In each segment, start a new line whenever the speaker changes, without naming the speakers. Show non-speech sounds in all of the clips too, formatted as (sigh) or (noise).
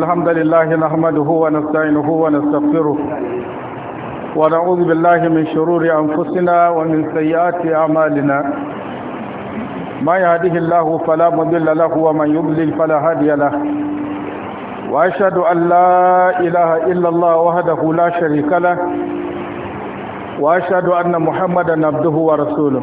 الحمد لله نحمده ونستعينه ونستغفره ونعوذ بالله من شرور أنفسنا ومن سيئات أعمالنا ما يهده الله فلا مضل له ومن يضلل فلا هادي له وأشهد أن لا إله إلا الله وحده لا شريك له وأشهد أن محمدا عبده ورسوله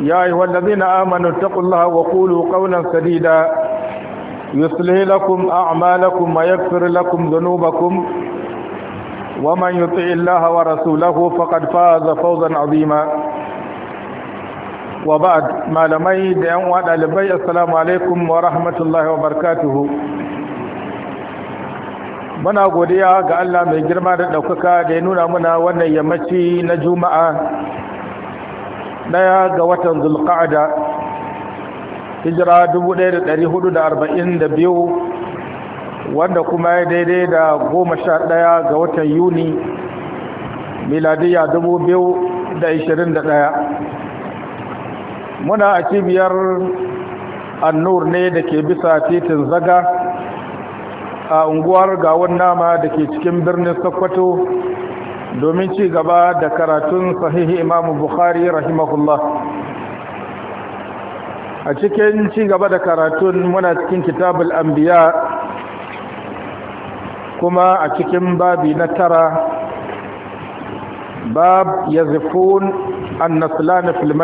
يا أيها الذين آمنوا اتقوا الله وقولوا قولا سديدا يصلح لكم أعمالكم ويغفر لكم ذنوبكم ومن يطع الله ورسوله فقد فاز فوزا عظيما وبعد ما لمي دعوة والألبي السلام عليكم ورحمة الله وبركاته muna godiya ga Allah mai girma da ɗaukaka da ya nuna muna wannan yammaci na juma'a ɗaya ga watan zulqa'ada hijira 1442 wanda kuma ya daidai da 11 ga watan yuni miladiya 2021 muna a cibiyar annur ne da ke bisa titin zaga a unguwar gawon nama da ke cikin birnin sokoto domin ci gaba da karatun sahihi imamu bukhari rahimahullah a cikin ci gaba da karatun muna cikin kitabul anbiya kuma a cikin babi na tara bab yazifun annaslan fil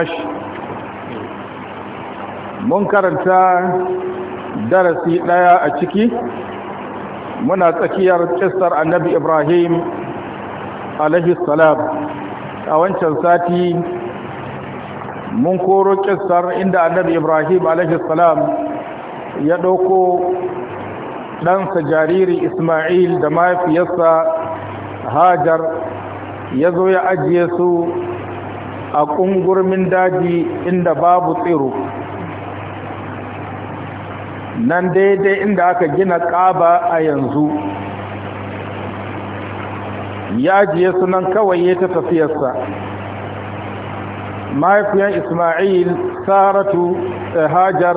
mun karanta darasi daya a ciki muna tsakiyar kissar annabi ibrahim alaihi salam a wancan sati mun koro kissar inda annabi ibrahim alaihi salam ya ɗauko ɗansa jariri isma'il da mahaifiyarsa hajar ya zo ya ajiye su a ƙungurmin daji inda babu tsiro nan daidai inda aka gina ƙaba a yanzu ya ajiye sunan kawai ya ta tafiyarsa mahaifiyar ismail saratu eh, hajar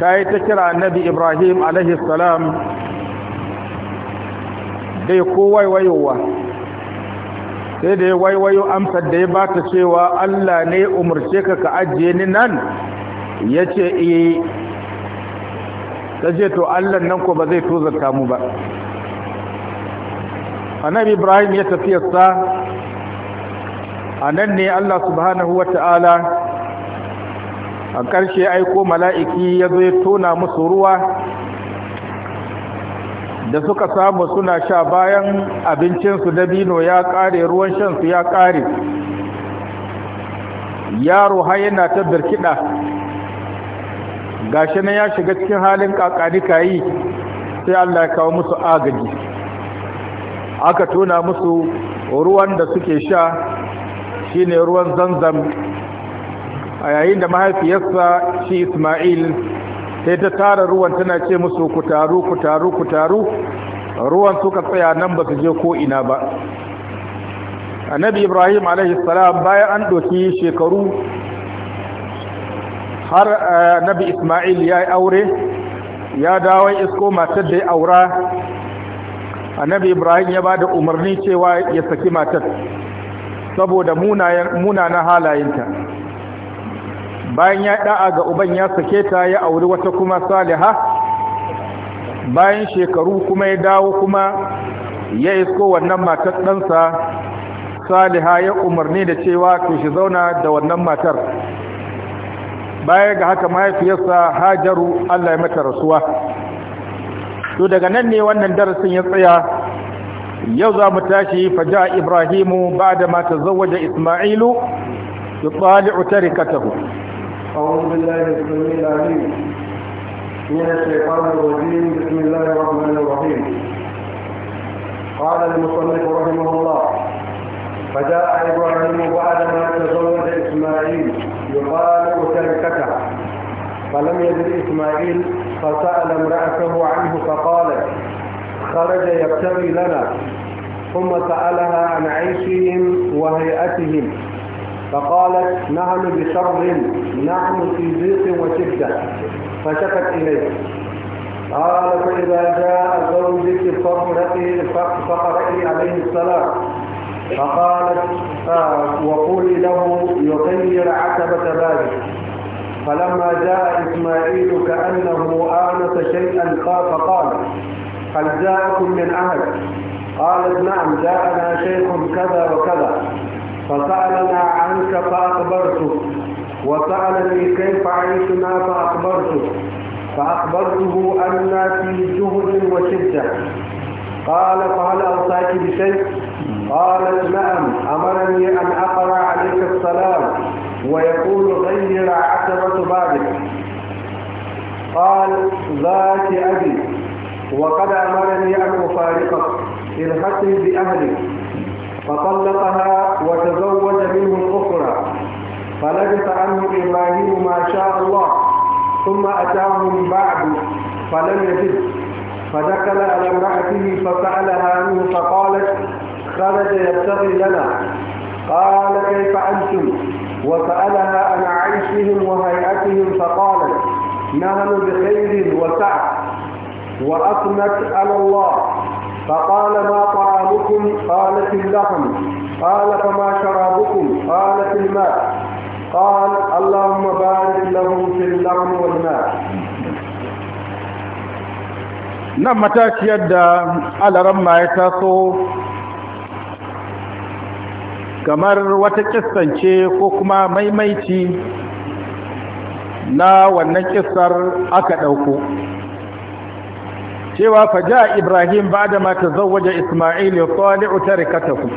ta yi ta kira annabi ibrahim alaihissalam dai ko waiwayowa sai da ya waiwayo amsar da ya ba ta cewa allah ne umarce ka ka ajiye ni nan ya ce iya eh. ta je to allah nan ko ba zai tozarta mu ba annabi ibrahim ya tafiyarsa a nan ne allah subhanahu wata'ala a ƙarshe aiko mala'iki ya zo ya tona musu ruwa da suka samu suna sha
bayan
abincinsu dabino ya ƙare ruwan shansu ya ƙare yaro har yana ta birkiɗa gashi ne ya shiga cikin halin ƙaƙani yi sai allah ya kawo musu agaji aka tuna musu ruwan da suke sha shine ruwan zanzam a yayin da mahaifiyarsa shi Ismail sai ta tara ruwan tana ce musu ku taru ku taru ku taru ruwan suka tsaya nan ba su je ko ina ba annabi Ibrahim alaihi salam bayan an doki shekaru har eh, nabi Ismail ya yi aure ya dawo isko matar da ya aura annabi ibrahim ya bada umarni cewa ya saki matar saboda munanan halayenta bayan ya da'a ga uban ya sake ta ya auri wata kuma saliha bayan shekaru kuma ya dawo kuma ya isko wannan matar ɗansa saliha ya umarni da cewa to shi zauna da wannan matar baya ga haka mahaifiyarsa hajaru allah ya mata rasuwa to daga nan ne wannan darasin ya tsaya yau za mu tashi faja ibrahimu ba da mata zawaja ismailu ya tsali utari katahu
قال المصنف رحمه الله فجاء ابراهيم بعد ما تزوج اسماعيل يقال تركته فلم يجد إسماعيل فسأل امرأته عنه فقالت خرج يبتغي لنا ثم سألها عن عيشهم وهيئتهم فقالت نحن بشر نحن في ضيق وشدة فشكت إليه قال فإذا جاء زوجك فقرئي عليه السلام فقالت آه، وقولي له يغير عتبة بابك فلما جاء إسماعيل كأنه آنس شيئا خاف قال هل جاءكم من أحد قالت نعم جاءنا شيخ كذا وكذا فسألنا عنك فأخبرته وسألني كيف عيشنا فأخبرته فأخبرته أنا في جهد وشدة قال فهل أوصاك بشيء قالت نعم أمرني أن أقرأ عليك السلام ويقول غير قال ذات أبي وقد أمرني أن أفارقك الحقي بأهلك فطلقها وتزوج منه الأخرى فلبث عنه إبراهيم ما شاء الله ثم أتاه من بعد فلم يجد فدخل على امرأته فسألها عنه فقالت خرج يبتغي لنا قال كيف أنتم وسألها عن عيشهم وهيئتهم فقالت نحن بخير وسعة وأثنت على الله فقال ما طعامكم قالت اللحم قال فما شرابكم قالت الماء قال اللهم بارك لهم في اللحم والماء
nan matashiyar da alaran ma ya taso kamar wata kistance ko kuma maimaici na wannan kissar aka ɗauko cewa fa ja ibrahim ba da mata zawaja ismail ya tsali'u tarikatahu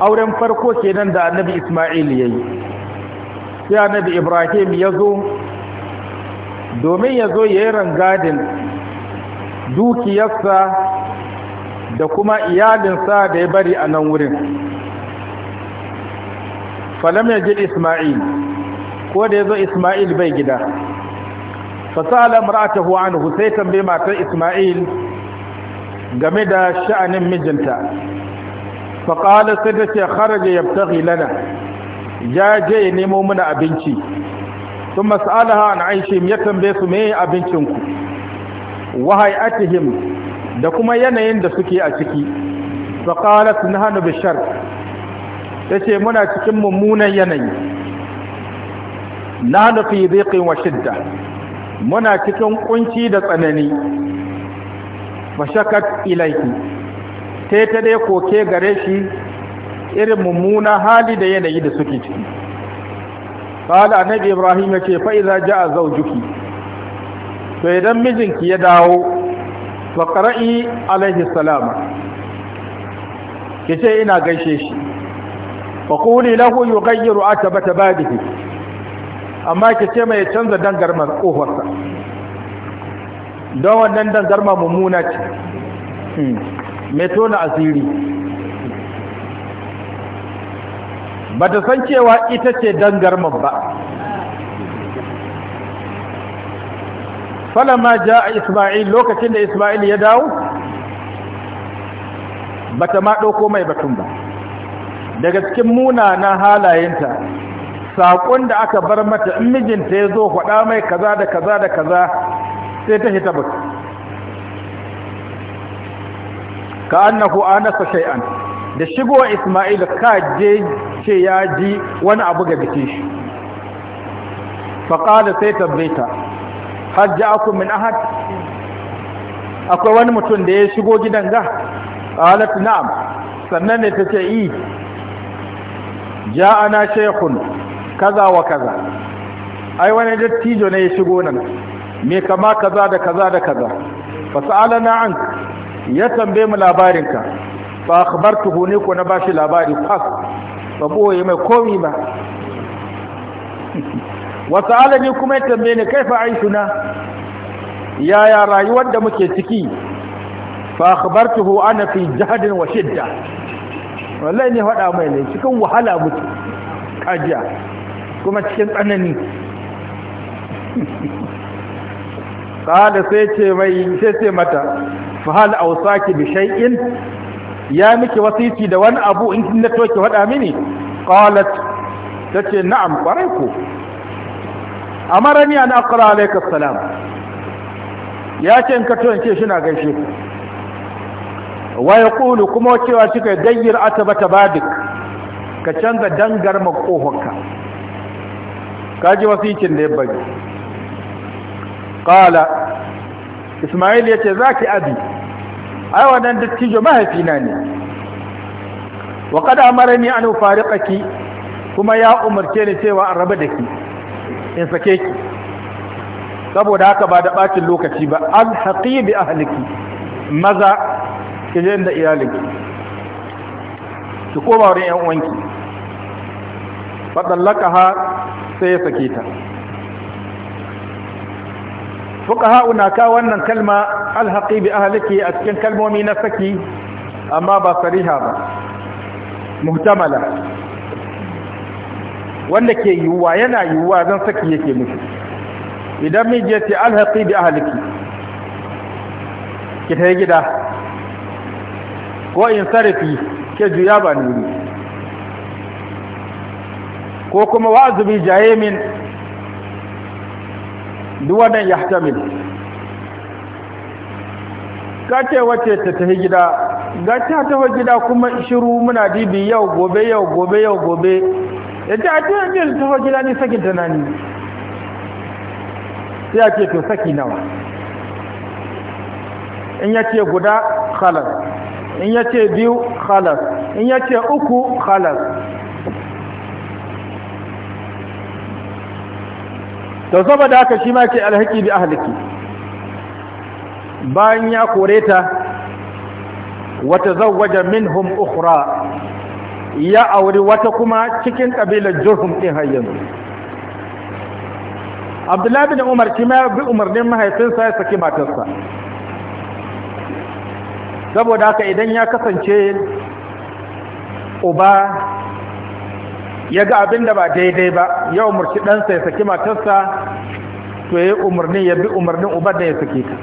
auren farko kenan da annabi ismail ya yi sai annabi ibrahim ya zo domin ya zo ya yi rangadin dukiyarsa da kuma iyalinsa da ya bari a nan wurin falam ya ji ismail ko da yazo Isma'il bai gida fasala mar'atahu anhu sai tambaye matar Isma'il game da sha'anin mijinta faqala sai ta ce kharaja yabtaghi lana ya je ya nemo mana abinci sun mas'alaha an aishim ya tambaye su me ku wahai atihim da kuma yanayin da suke a ciki faqalat nahnu bishar tace muna cikin mummunan yanayi Na fi dhiqin wa shidda
muna cikin kunci da tsanani
fashakat ta yi ta dai koke gare shi irin mummuna hali da yanayi da suke ciki qala annabi ibrahim ya yace ji a zau juki. to idan mijinki ya dawo fa qara'i alaihi salama ce ina gaishe shi fa quli lahu yughayyiru atabata badihi amma ki ce mai canza dangarmar ƙofarsa don wannan dangarma mummuna ce mai hmm. tona asiri ba ta san cewa ita ce dangarmar ba
falama ja a isma'il lokacin da isma'il ya dawo
ba ta ma ɗauko mai batun ba daga cikin Muna na halayenta saƙon da aka bar mata in mijinta ya zo faɗa mai kaza da kaza da kaza sai ta hita bata ka annahu anasa shay'an da shigowa Isma'il ka je ce ya ji wani abu ga jikin shi faƙada sai tabbaita
hajji aku min ahad akwai wani mutum da
ya shigo gidan ga qalat na'am sannan ne ce i ja'ana shaykhun kaza wa kaza ai wani dattijo ne ya shigo nan me kama kaza da kaza da kaza fa sa'alana an ya tambaye mu labarinka fa akhbartuhu ne ko na bashi labari fas ba boye mai komi ba (laughs) wa sa'alani kuma ya tambaye ni kaifa aishuna yaya rayuwar da muke ciki fa akhbartuhu ana fi jahdin wa shidda wallahi ne faɗa mai ne cikin wahala muke kajiya kuma cikin tsanani kada sai ce mai sai ce mata fahal hal awsaki bi shay'in ya miki wasiti da wani abu in kin nato ki wada mini qalat
tace na'am kwarai ko
amarani an aqra alayka assalam ya ce in ka to in ce shi na gaishe wa yaqulu kuma cewa kika dayyir atabata badik ka canza dangar makohonka kaji wasikin da ya bari Kala. isma'il ya za zaki abi ai wannan dattijo mahaifina ne wa qad amarani an ufariqaki kuma ya umarce ni cewa an raba da ki in sake ki saboda haka ba da ɓacin lokaci ba al haqibi ahliki maza ki je da iyalinki ki koma wurin yan uwanki ha sai ya sake ta fuka ha'una ka wannan kalma alhaƙi bi ahaliki a cikin kalmomi na saki amma ba sariha ba muhtamala wanda ke yiwuwa yana yiwuwa zan saki yake mutu. idan miji ya ce alhaƙi bi ahaliki ki ta gida ko in sarafi ke juya ba nuri ko kuma wa'azu bi jayemin haka min? yahtamil ce wace ta tafi gida ga ta tafi gida kuma shiru muna dibi yau gobe yau gobe yau gobe yace a ce ne ta tafi gida ne sakin nani
sai a ce to saki nawa in ya
ce guda khalas in ya ce biyu khalas in ya ce uku khalas to saboda haka shi ma ke alhaki bi ahliki bayan ya kore ta
wata zawwaja
minhum ukhra ya auri wata kuma cikin kabilar jurhum din har yanzu Abdullahi bin Umar shi ma bi umarnin mahaifinsa ya saki matarsa saboda haka idan ya kasance uba ya ga abin da ba daidai ba ya umarci ɗansa ya saki matarsa to ya yi umarni ya bi umarnin ubar da ya saki ta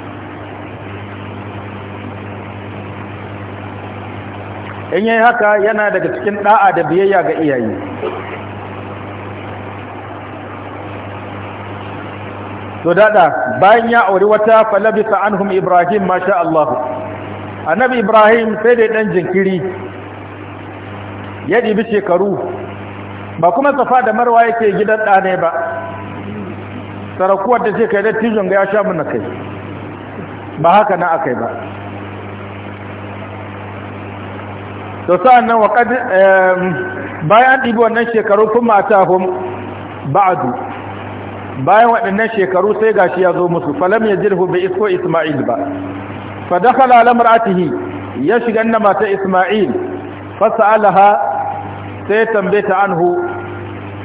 in yi haka yana daga cikin ɗa'a da biyayya ga iyaye to dada bayan ya auri wata falabisa anhum ibrahim masha Allah annabi ibrahim sai dai ɗan jinkiri ya ɗibi shekaru ba kuma safa da marwa yake gidan ɗane ba
sarakuwar da ce kai dattijon ga ya sha mun kai
ba haka na akai ba to sa'an nan waƙad eh, bayan ɗibi wannan shekaru kuma a tahun ba'adu bayan waɗannan shekaru sai gashi ya zo musu falam ya jirhu bai isko isma'il ba fa dakhala ala mar'atihi ya shiga na mata isma'il fa sa'alaha sai ya tambaye anhu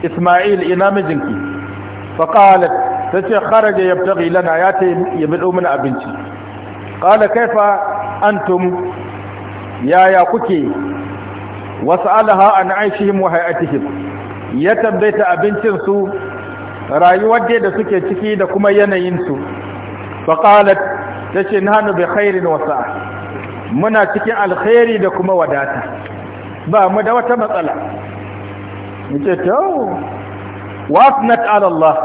Isma'il ina mijinki fa qalat tace kharaja yabtaghi lana ya ta yabidu mana abinci qala kaifa antum ya ya kuke wasalaha an aishihim wa hayatihim ya tambaye abincin su rayuwar da suke ciki da kuma yanayin su fa qalat tace nahnu bi khairin wa sa'a muna cikin alkhairi da kuma wadata ba mu da wata matsala ce to wasnat ala Allah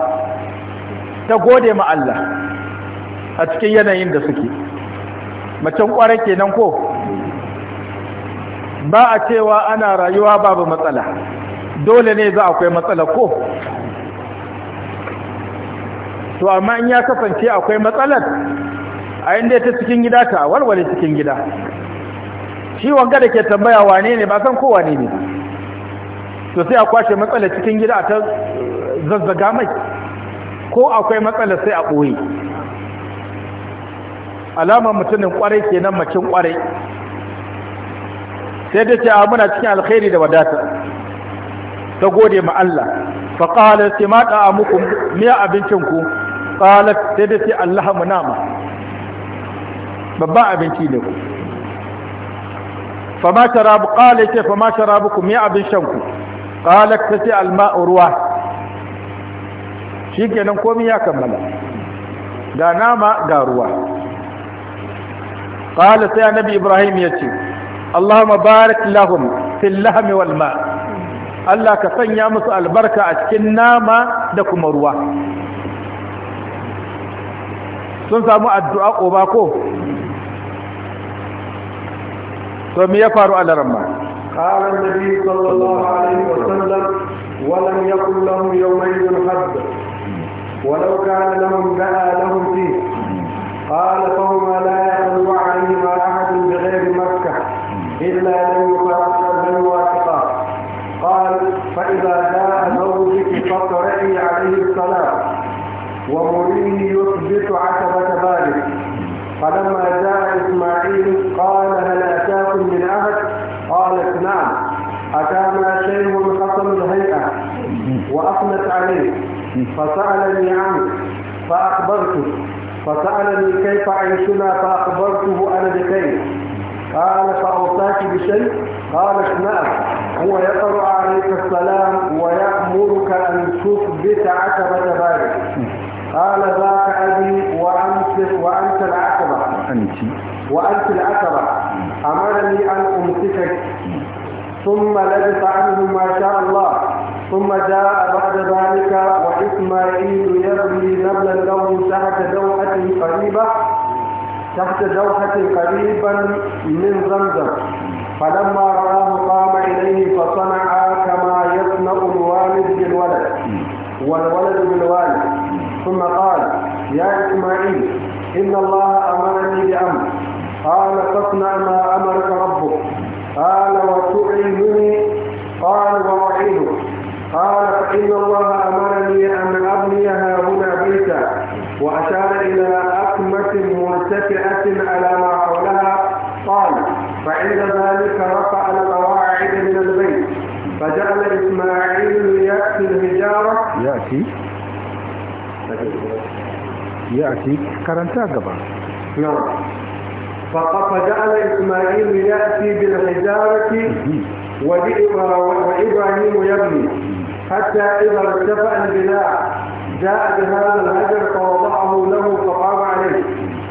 ta gode ma Allah a cikin yanayin da suke macen kware kenan ko ba a cewa ana rayuwa babu matsala dole ne za akwai matsala ko to amma in ya kasance akwai matsalar a inda ta cikin gida ta walwale cikin gida shi wanga da ke tambaya wane ne ba san ko ne ne to sai a kwashe matsalar cikin gida a ta zazzaga mai ko akwai matsala sai a ɓoye alamar mutumin ƙwarai ke nan makin ƙwarai. sai da ce a muna cikin alkhairi da wadata ta gode ma Allah fa ma simata muku miya abincin ku sai da ce Allah mu nama babban abinci ne ku fama sharabu qala yace fama sharabu kum ya abin shanku qala tace alma, ruwa shikenan komai ya kammala ga nama ga ruwa qala sai annabi ibrahim yace allahumma barik lahum fil lahmi wal ma Allah ka sanya musu albarka a cikin nama da kuma ruwa sun samu addu'a ko ba ko to me ya faru
قال النبي صلى الله عليه وسلم ولم يكن لهم يومئذ حد ولو كان لهم دعا لهم فيه قال فهما لا يخلو عليهما احد بغير مكه الا لم يفرق بل واثقا قال فاذا جاء زوجك فاقرئي عليه السلام ومريه يثبت عتبه ذلك فلما جاء إسماعيل قال هل أتاكم من أحد قالت نعم أتانا شيخ حسن الهيئة وأثنت عليه فسألني عنه فأخبرته فسألني كيف عيشنا فأخبرته أنا بخير قال فأوصاك بشيء قالت نعم هو يقرأ عليك السلام ويأمرك أن تثبت عتبة بارك قال ذاك أبي وأنت وأنت العتبة hanci wa akil asara amarani an umsika thumma labisa anhu ma sha Allah thumma jaa ba'da dhalika wa isma'il yarmi nablan lahu tahta dawatin qariba تحت جوحة قريبا من زمزم فلما رآه قام إليه فصنع كما يصنع الوالد بالولد والولد بالوالد ثم قال يا إسماعيل إن الله أمرني بأمر قال فاصنع ما أمرك ربك قال وتعلمني قال ووحيده قال فإن الله أمرني أن أبني هنا بيتا وأشار إلى أكمة مرتفعة على ما حولها قال فعند ذلك رفع القواعد من البيت فجعل إسماعيل يأتي الحجارة يأتي
يأتي كرنتا
قبا نعم
فجعل جعل إسماعيل يأتي بالحجارة وإبراهيم يبني حتى إذا ارتفع البناء جاء بهذا الهجر فوضعه له فقام عليه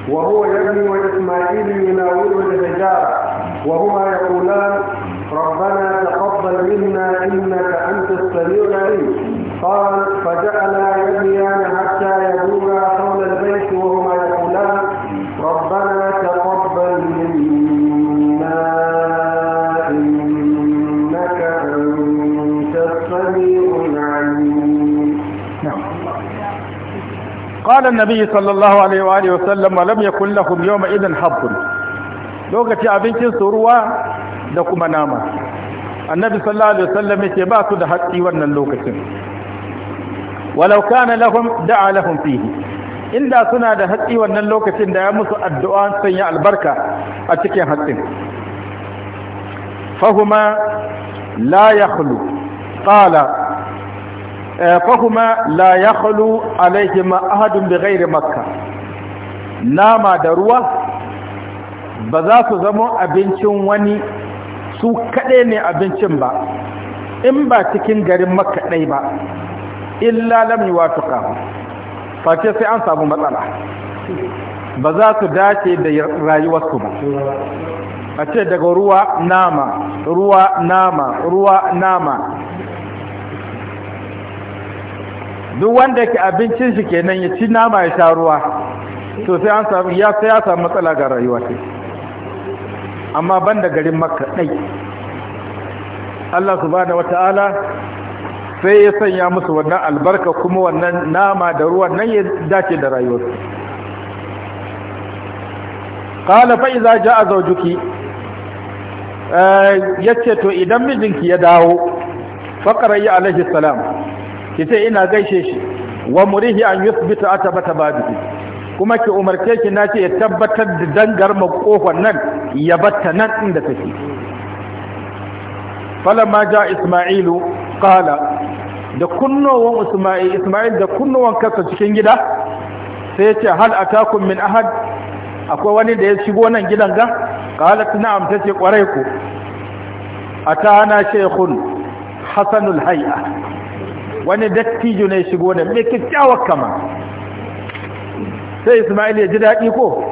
وهو يبني وإسماعيل يناوله الحجارة وهما يقولان ربنا تقبل منا إنك أنت السميع العليم قال فجعلا يبنيان حتى يدور
فقال النبي صلى الله عليه وآله وسلم ولم يكن لهم يوم إذن حظ لوكتي أبنكين سروا لكم ناما النبي صلى الله عليه وسلم يتبات دهتي ون اللوكتين ولو كان لهم دعا لهم فيه inda suna da hatsi wannan lokacin da ya musu addu'a sanya albarka a cikin hatsin fahuma la yakhlu qala Eh, fahuma la ya halu alaihima ahadun da gairi makka nama da ruwa ba za su zama abincin wani su kaɗai ne abincin ba in ba cikin garin makka ɗai ba illa lam wa watuka face sai an samu matsala ba za su dace da rayuwarsu ba a ce daga ruwa nama ruwa nama ruwa nama duk wanda ke abincin shi kenan ya ci nama ya sha ruwa to sai an samu ya sai ya samu matsala ga rayuwa ce amma banda garin makka dai Allah subhanahu wataala sai ya sanya musu wannan albarka kuma wannan nama da ruwa nan ya dace da rayuwar qala fa iza jaa zawjuki eh, yace to idan mijinki ya dawo faqra ya alaihi salam ki ce ina gaishe shi wa murihi an yuthbita atabata babihi kuma ki umarce ki nace ya tabbatar da dangar makofar nan ya batta nan inda take falamma ja isma'ilu qala da kunnowan isma'il isma'il da kunnowan kasa cikin gida sai ya ce hal atakum min ahad akwai wani da ya shigo nan gidan ga qalat na'am tace kwarai ku atana shaykhun hasanul hay'a
wani dattijo ne shigo da mai kyakkyawar kama
sai ismail ya ji daɗi ko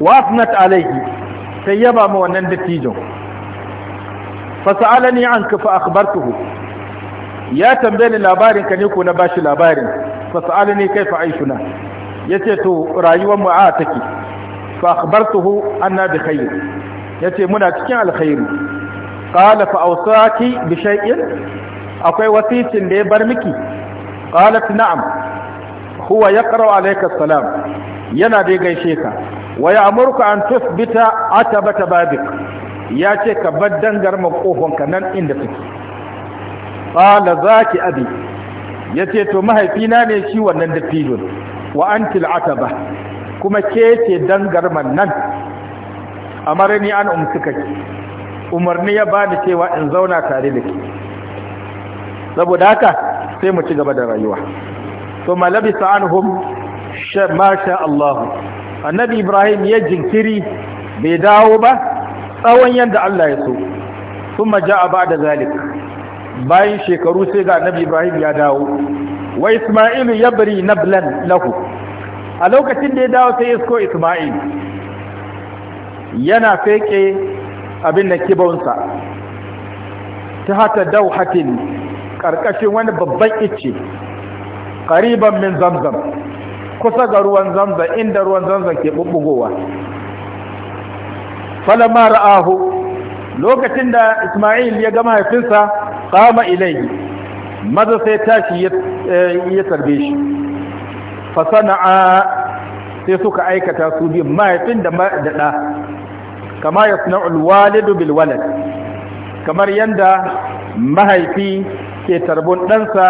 wasnat alaihi sai yaba ma wannan dattijon fasa'alani an kafa akhbartuhu ya tambaye ni labarin ka ne ko na bashi labarin fasa'alani kaifa aishuna yace to rayuwar mu a take fa akhbartuhu anna bi khair yace muna cikin alkhairi qala fa awsaki akwai wasicin da ya bar miki qalat na'am huwa yaqra'u alayka salam yana dai gaishe ka waya ya'muruka an tusbita atabata babik ya ce ka bar dangar makofonka nan inda take qala zaki abi yace to mahaifina ne shi wannan filin? wa antil ataba kuma ke ce man nan amarni an umsuka umarni ya bani cewa in zauna tare da ke saboda haka sai mu ci gaba da rayuwa to malabi sa'anhum Allah annabi Ibrahim ya jinkiri bai dawo ba tsawon yadda Allah ya so kuma ja'a ba'da zalik bayan shekaru sai ga annabi Ibrahim ya dawo wa Isma'il yabri nablan lahu a lokacin da ya dawo sai isko Isma'il yana feke abin da kibonsa ta hata dauhatin ƙarƙashin wani babban icce ƙariban min zamzam kusa ga ruwan zamzam inda ruwan zamzam ke ɓuɓɓugowa falama ra'ahu lokacin da isma'il ya gama haifinsa kama ilai maza sai tashi ya eh, tarbe shi fasana'a sai suka aikata su biyu mahaifin da ɗa kama ya suna ulwalidu bilwalad kamar yadda mahaifi ke tarbon ɗansa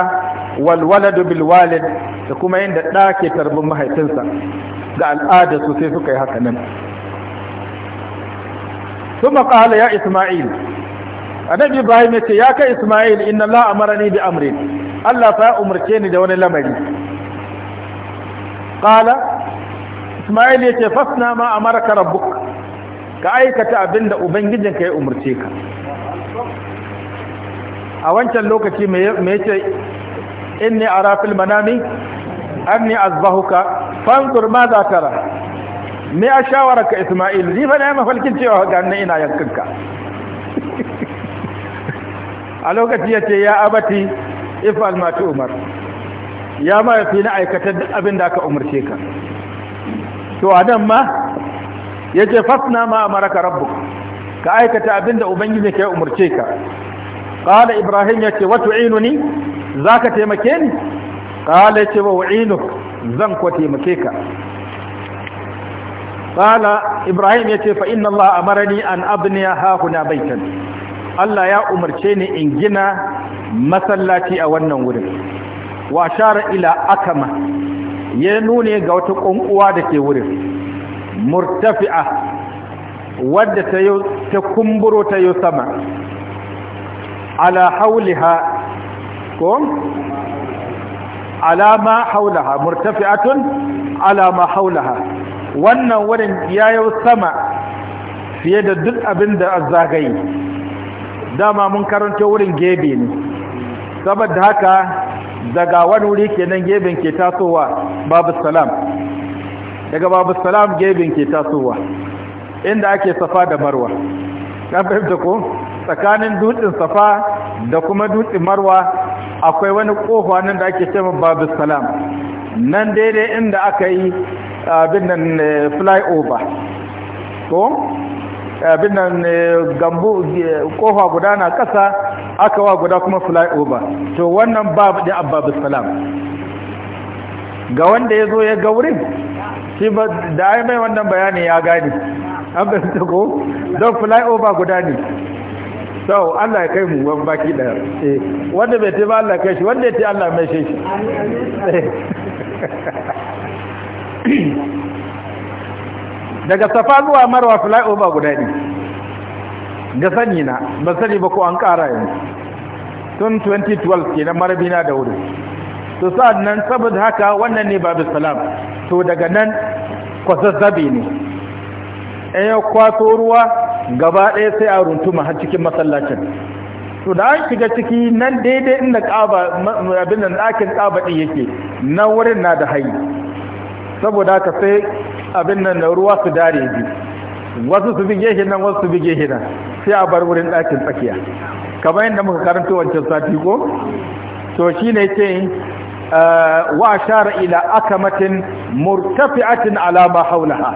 walwaladu bilwalid da kuma yadda ɗa ke tarbon mahaifinsa ga al'ada su suka yi haka nan ثم ƙala ya Isma'il, annabi ibrahim ya ce ya kai isma'il inna la ni bi amri, allah fa umarce ni da wani lamari Ƙala isma'il ya ce fasna ma mara rabbuk ka aikata abinda ubangijinka ya umarce ka a wancan lokaci me yace inni ara fil manami anni azbahuka fanzur ma za tara me a shawararka Isma'il ni fa na mafalkin cewa ga nan ina yankinka a lokaci yace ya abati ifal ma umar ya ma yafi na aikatar abin da aka umarce ka to adam ma yace fasna ma maraka rabbuk ka aikata abin da ubangiji ke umarce ka qala ibrahim yace wa tu'inuni zaka taimake ni qala yace wa u'inuk zan ko taimake ka qala ibrahim yace fa inna allah amarani an abniya ha kuna baitan allah ya umarce ni in gina masallaci a wannan wurin wa shara ila akama ya nune ga wata kunkuwa da ke wurin murtafi'a wadda ta kumburo ta yi sama ala Haulaha ko ala ma haulaha murtafi'atun ala ma haulaha wannan wurin yayo sama fiye da duk abinda da dama mun karanta wurin gebe ne saboda haka daga wani wuri kenan geben ke tasowa babu salam daga babu salam geben ke tasowa inda ake safa da marwa ka fahimta ko tsakanin dutsen safa da kuma dutsen marwa akwai wani kofa nan da ake cewa babu salam nan daidai inda aka yi abin nan eh, flyover to abin nan eh, gambo eh, kofa guda na kasa aka wa guda kuma flyover to wannan babu da babu salam ga wanda ya zo ya ga wurin shi ba da ai mai wannan bayani ya gani an ko don flyover guda ne to Allah ya kai mu baki daya eh, wanda bai ta ba Allah kai shi wanda ya ta Allah mai shi eh. daga safa zuwa marwa Fulai over guda ne ga sani na ba sani ba ko an kara yanzu tun 2012 kenan marabina da wuri to sa'ad nan saboda haka wannan ne babu salam to daga nan zabi ne ɗaya eh, kwaso ruwa gaba ɗaya sai a runtuma har cikin masallacin to da an shiga ciki nan daidai inda ƙaba abin nan ɗakin ƙaba ɗin yake nan wurin na da hayi saboda haka sai abin nan da ruwa su dare bi wasu su bige shi nan wasu su bige shi nan sai a bar wurin ɗakin tsakiya kamar yadda muka karanta wancan sati ko to shine ce eh, wa shara ila akamatin murtafi'atin ala ma haulaha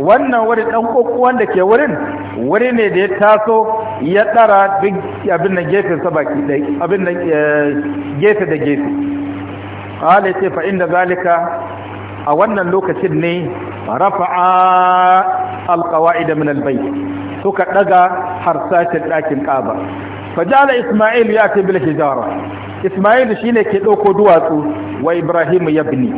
wannan wuri ɗan ƙoƙo da ke wurin wuri ne da ya taso ya ɗara duk abin da eh, gefe da gefe da gefe ce fa’in da zalika a wannan lokacin ne rafa'a alqawaida min albayt suka ɗaga harsashin ɗakin ƙaba fajala isma'il ya ce bilashi jara isma'il shi ne ke ɗauko duwatsu wa ibrahim yabni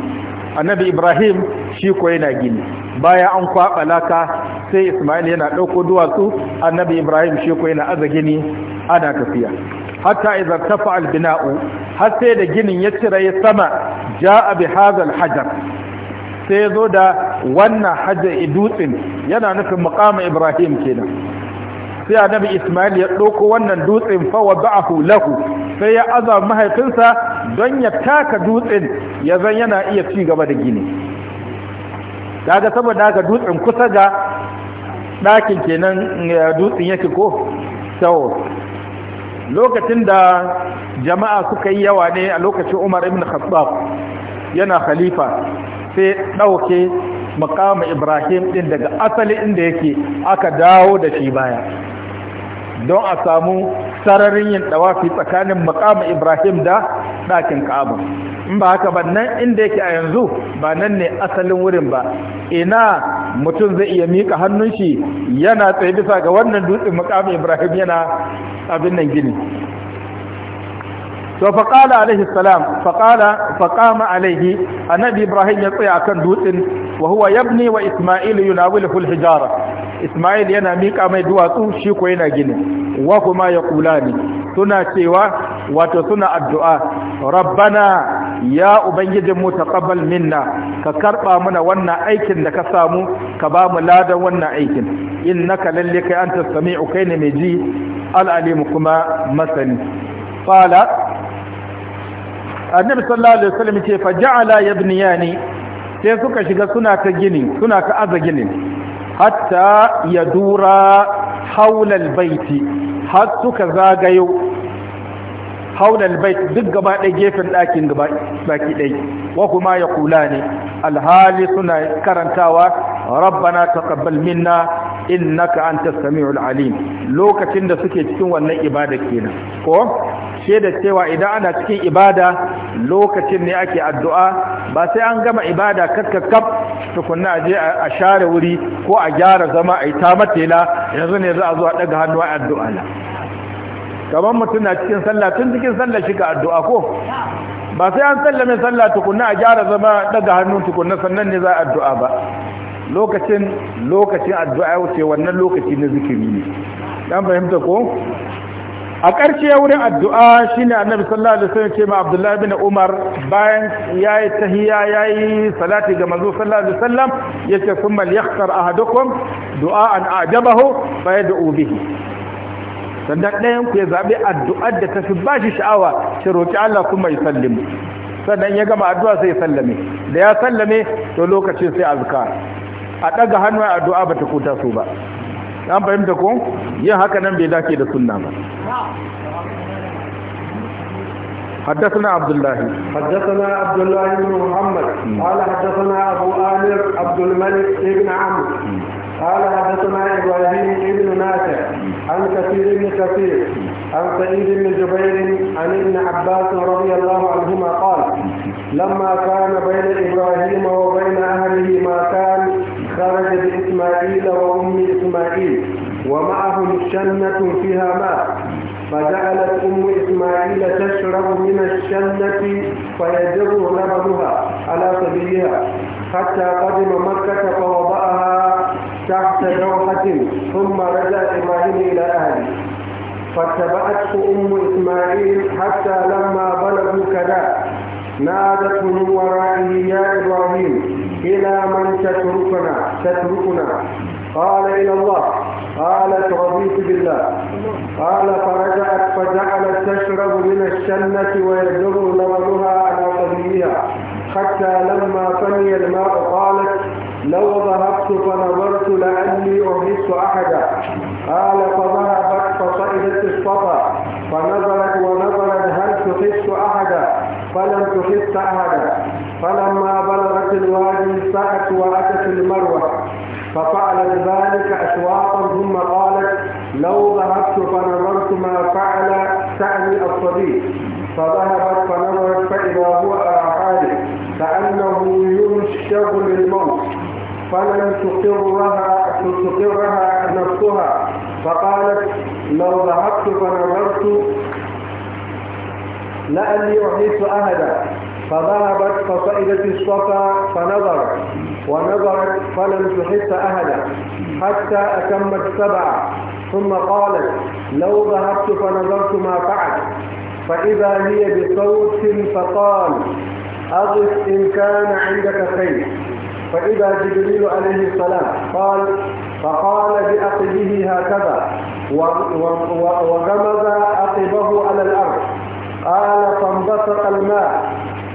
annabi ibrahim shi ko yana gini baya an kwaɓa laka sai ismail yana ɗauko duwatsu annabi ibrahim shi ko yana aza gini ana tafiya hatta idza tafa al har sai da ginin ya cire sama ja bi hadha hajar sai zo da wannan hajar idutsin yana nufin muqama ibrahim kenan sai annabi Ismail ya ɗauko wannan dutsen fa ba'ahu lahu sai ya aza mahaifinsa don ya taka dutsen ya zan yana iya ci gaba da gini daga saboda daga dutsen kusa ga ɗakin kenan eh, dutsen yake ko sau lokacin da jama'a suka yi yawa ne a lokacin Umar ibn Khattab yana khalifa sai ɗauke makama Ibrahim ɗin daga asali inda yake aka dawo da shi baya don a samu sararin yin dawafi tsakanin makamu ibrahim da ɗakin ka'aba in ba haka ba nan inda yake a yanzu ba nan ne asalin wurin ba ina mutum zai iya miƙa hannun shi yana tsaye bisa ga wannan dutsen makamu ibrahim yana abin nan gini to faƙala alaihi salam faƙala faƙama alaihi annabi ibrahim ya tsaya akan dutsen wa huwa yabni wa isma'il yunawilu hijara Ismail yana mika mai duwatsu shi ko yana gini wa kuma ya kula ne suna cewa wato suna addu'a rabbana ya ubangijin mu taqabbal minna ka karba mana wannan aikin da ka samu ka ba mu ladan wannan aikin innaka lalle kai anta sami'u kai ne mai ji al'alim kuma masani Fala. annabi sallallahu alaihi wasallam ce fa ja'ala yabniyani sai suka shiga suna ta gini suna ta aza ginin hatta ya dura haulal baiti har suka zagayo haulal bai duk gaba ɗaya gefen ɗakin baki ɗai wa kuma ya kula ne alhali suna karantawa rabbana taqabbal minna innaka antas samiul alim lokacin da suke cikin wannan ibada kenan ko she da cewa idan ana cikin ibada lokacin ne ake addu'a ba sai an gama ibada kakkakkab tukunna a je a share wuri ko a gyara zama a yi ta matela yanzu ne za a zo a daga hannu a addu'a kamar mutum na cikin sallah tun cikin sallah shi ka addu'a ko ba sai an sallame sallah tukunna a gyara zama daga hannun tukunna sannan ne za a addu'a ba lokacin lokacin addu'a wuce wannan lokaci na zikiri ne dan fahimta ko a ƙarshe wurin addu'a shine annabi sallallahu alaihi wasallam ce ma abdullahi bin umar bayan yayi tahiyya yayi salati ga manzo sallallahu alaihi wasallam yace kuma liyakhtar ahadukum du'aan ajabahu fa yad'u bihi sannan ɗayan ku ya zaɓi addu'ar da fi ba shi sha'awa shi roƙi Allah kuma ya sallimu sannan ya gama addu'a sai ya sallame da ya sallame to lokacin sai azkar a ɗaga hannu addu'a ba ta kuta su ba an fahimta ko yin haka nan bai dace da sunna ba حدثنا عبد الله حدثنا
عبد الله بن محمد قال حدثنا ابو عامر عبد الملك ابن عمرو قال حدثنا ابراهيم ابن نافع عن كثير بن كثير عن سعيد بن جبير عن ابن عباس رضي الله عنهما قال لما كان بين ابراهيم وبين اهله ما كان خرج باسماعيل وام اسماعيل ومعهم شنه فيها ماء فجعلت أم إسماعيل تشرب من الشنة فيجر لبنها على سبيلها حتى قدم مكة فوضعها تحت دوحة ثم رجع إبراهيم إلى أهله فاتبعته أم إسماعيل حتى لما بلغوا كذا نادت من ورائه يا إبراهيم إلى من تتركنا تتركنا قال إلى الله قالت رضيت بالله قال فرجعت فجعلت تشرب من الشنة ويجر لبنها على قبيلها حتى لما فني الماء قالت لو ضربت فنظرت لأني أحس أحدا قال فذهبت فصعدت الصفا فنظرت ونظرت هل تحس أحدا فلم تحس أحدا فلما بلغت الوادي سعت وأتت المروة ففعلت ذلك أشواقا ثم قالت لو ذهبت فنظرت ما فعل سعدي الصديق فذهبت فنظرت فإذا هو أعالي كأنه ينشغل فلم تقرها تقرها نفسها فقالت لو ذهبت فنظرت لأني أحيث أهدا فذهبت فصعدت الصفا فنظرت ونظرت فلم تحس أهدا حتى أتمت سبعة ثم قالت لو ذهبت فنظرت ما فعل فإذا هي بصوت فقال أغف إن كان عندك خير فإذا جبريل عليه السلام قال فقال بأقبه هكذا وغمز أقبه على الأرض قال فانبسط الماء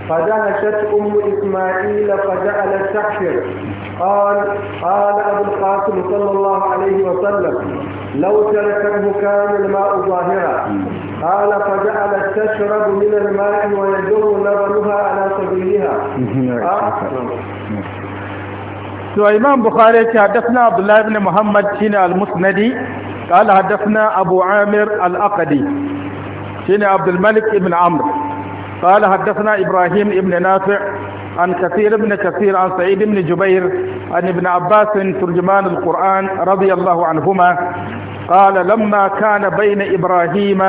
فدهشت أم إسماعيل فجعلت تحفر قال قال أبو القاسم صلى الله عليه وسلم لو تركته كان الماء ظاهرا قال فجعلت تشرب من الماء ويجر لبنها على سبيلها
(laughs) آه؟ (laughs)
to إمام بخاري حدثنا عبد الله بن محمد shine المسندي قال حدثنا أبو عامر الأقدي al عبد الملك بن عمرو قال حدثنا إبراهيم ابن نافع عن كثير بن كثير عن سعيد بن جبير عن ابن عباس ترجمان القرآن رضي الله عنهما قال لما كان بين إبراهيم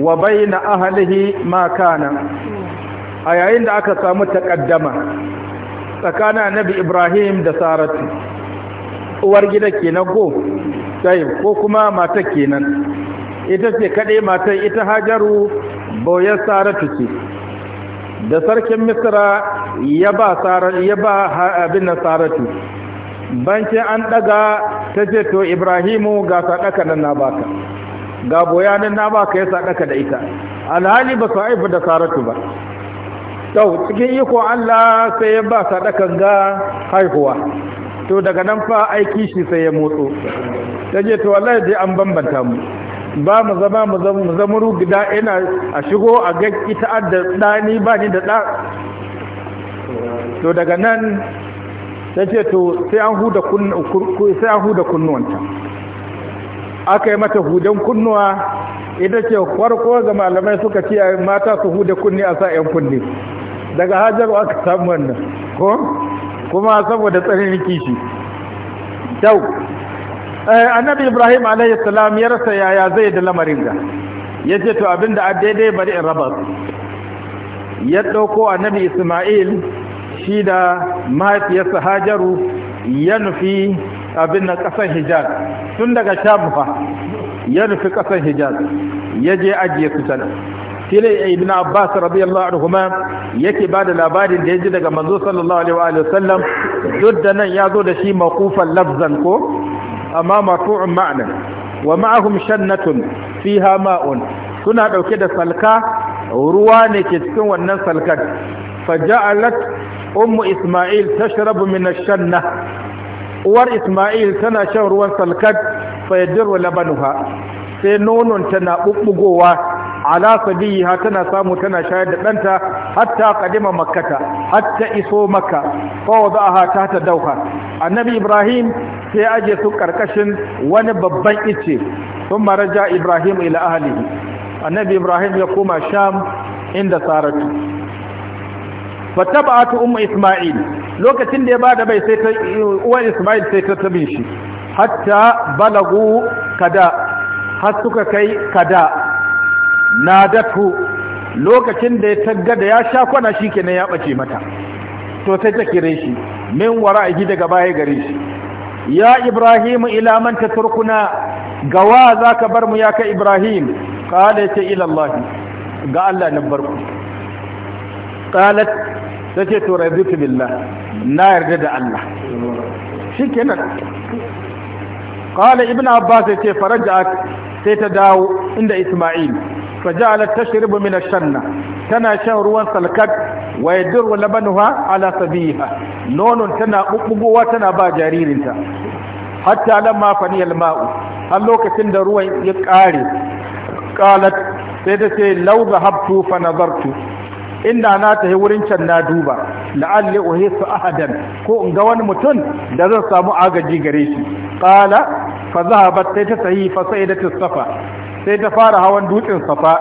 وبين أهله ما كان أي عند أكثر متقدمة tsakanin annabi ibrahim da saratu uwar gida kenan ko sai ko kuma matar kenan ita ce kaɗai matar ita hajaru boyar saratu ce da sarkin misra ya ba abin na saratu bankin an ɗaga ta ce to ibrahimu ga saɗaka nan na baka ga boyanin na baka ya saɗaka da ita alhali ba su haifu da saratu ba to cikin iko Allah sai ya ba sadakan ga haihuwa to daga nan fa aiki shi sai ya motso taje to wallahi dai an bambanta mu ba mu zama mu zama guda ina a shigo a ga ita da dani ba ni da da to daga nan taje to sai an huda kunnu sai an huda kunnuwanta aka yi mata hudan kunnuwa ita ce farko ga malamai suka ce mata su huda kunni a sa 'yan kunni daga hajaru aka samu wannan ko kuma saboda tsananin kishi kyau eh, annabi ibrahim alayhi salam ya rasa yaya zai da lamarin ga ya ce to abinda a daidai bari in raba ya ɗauko annabi isma'il shi da mahaifiyarsa hajaru ya nufi abin na ƙasar hijaz tun daga shabufa ya nufi ƙasar hijaz ya je ajiye su shi ne ibn abbas radiyallahu anhuma yake bada labarin da ya ji daga manzo sallallahu alaihi wa sallam duk da nan ya zo da shi maqufan lafzan ko amma marfu'un ma'na wa ma'ahum shannatun fiha ma'un suna dauke da salka ruwa ne ke cikin wannan salkar faja'alat ummu isma'il tashrabu min ash-shanna uwar isma'il tana shan ruwan salkat fayadirru labanuha sai nonon na bubbugowa ala sabiha tana samu tana shayar da danta hatta kadima makkata hatta iso makka fa wada'aha tahta dauha annabi ibrahim sai aje su karkashin wani babban ice sun maraja ibrahim ila ahlihi annabi ibrahim ya koma sham inda saratu fatabatu ummu isma'il lokacin da ya bada bai sai ta uwa isma'il sai ta tabin shi hatta balagu kada har suka kai kada na datu lokacin da ya tagga da ya sha kwana shi kenan ya ɓace mata to sai ta kire shi min wara'ihi daga baya gare shi ya ibrahim ila man tatrukuna gawa ka bar mu ya ka ibrahim qala ta ila allah ga allah na barku. ku
ta ce to raditu billah
na yarda da allah shikenan qala ibn abbas ya yace farajat sai ta dawo inda Isma'il fajalat tashribu min ash-shanna tana shan ruwan salkat wa yadru labanha ala sabiha nonon tana bubbugowa tana ba jaririnta hatta lamma fani al-ma'u har lokacin da ruwan ya kare qalat sai ta ce law dhahabtu fa nadartu inda na tafi wurin can na duba la'alli uhisu ahadan ko in ga wani mutum da zan samu agaji gare shi qala fa zahabat sai ta tayi fa sa'idat safa sai ta fara hawan dutsen safa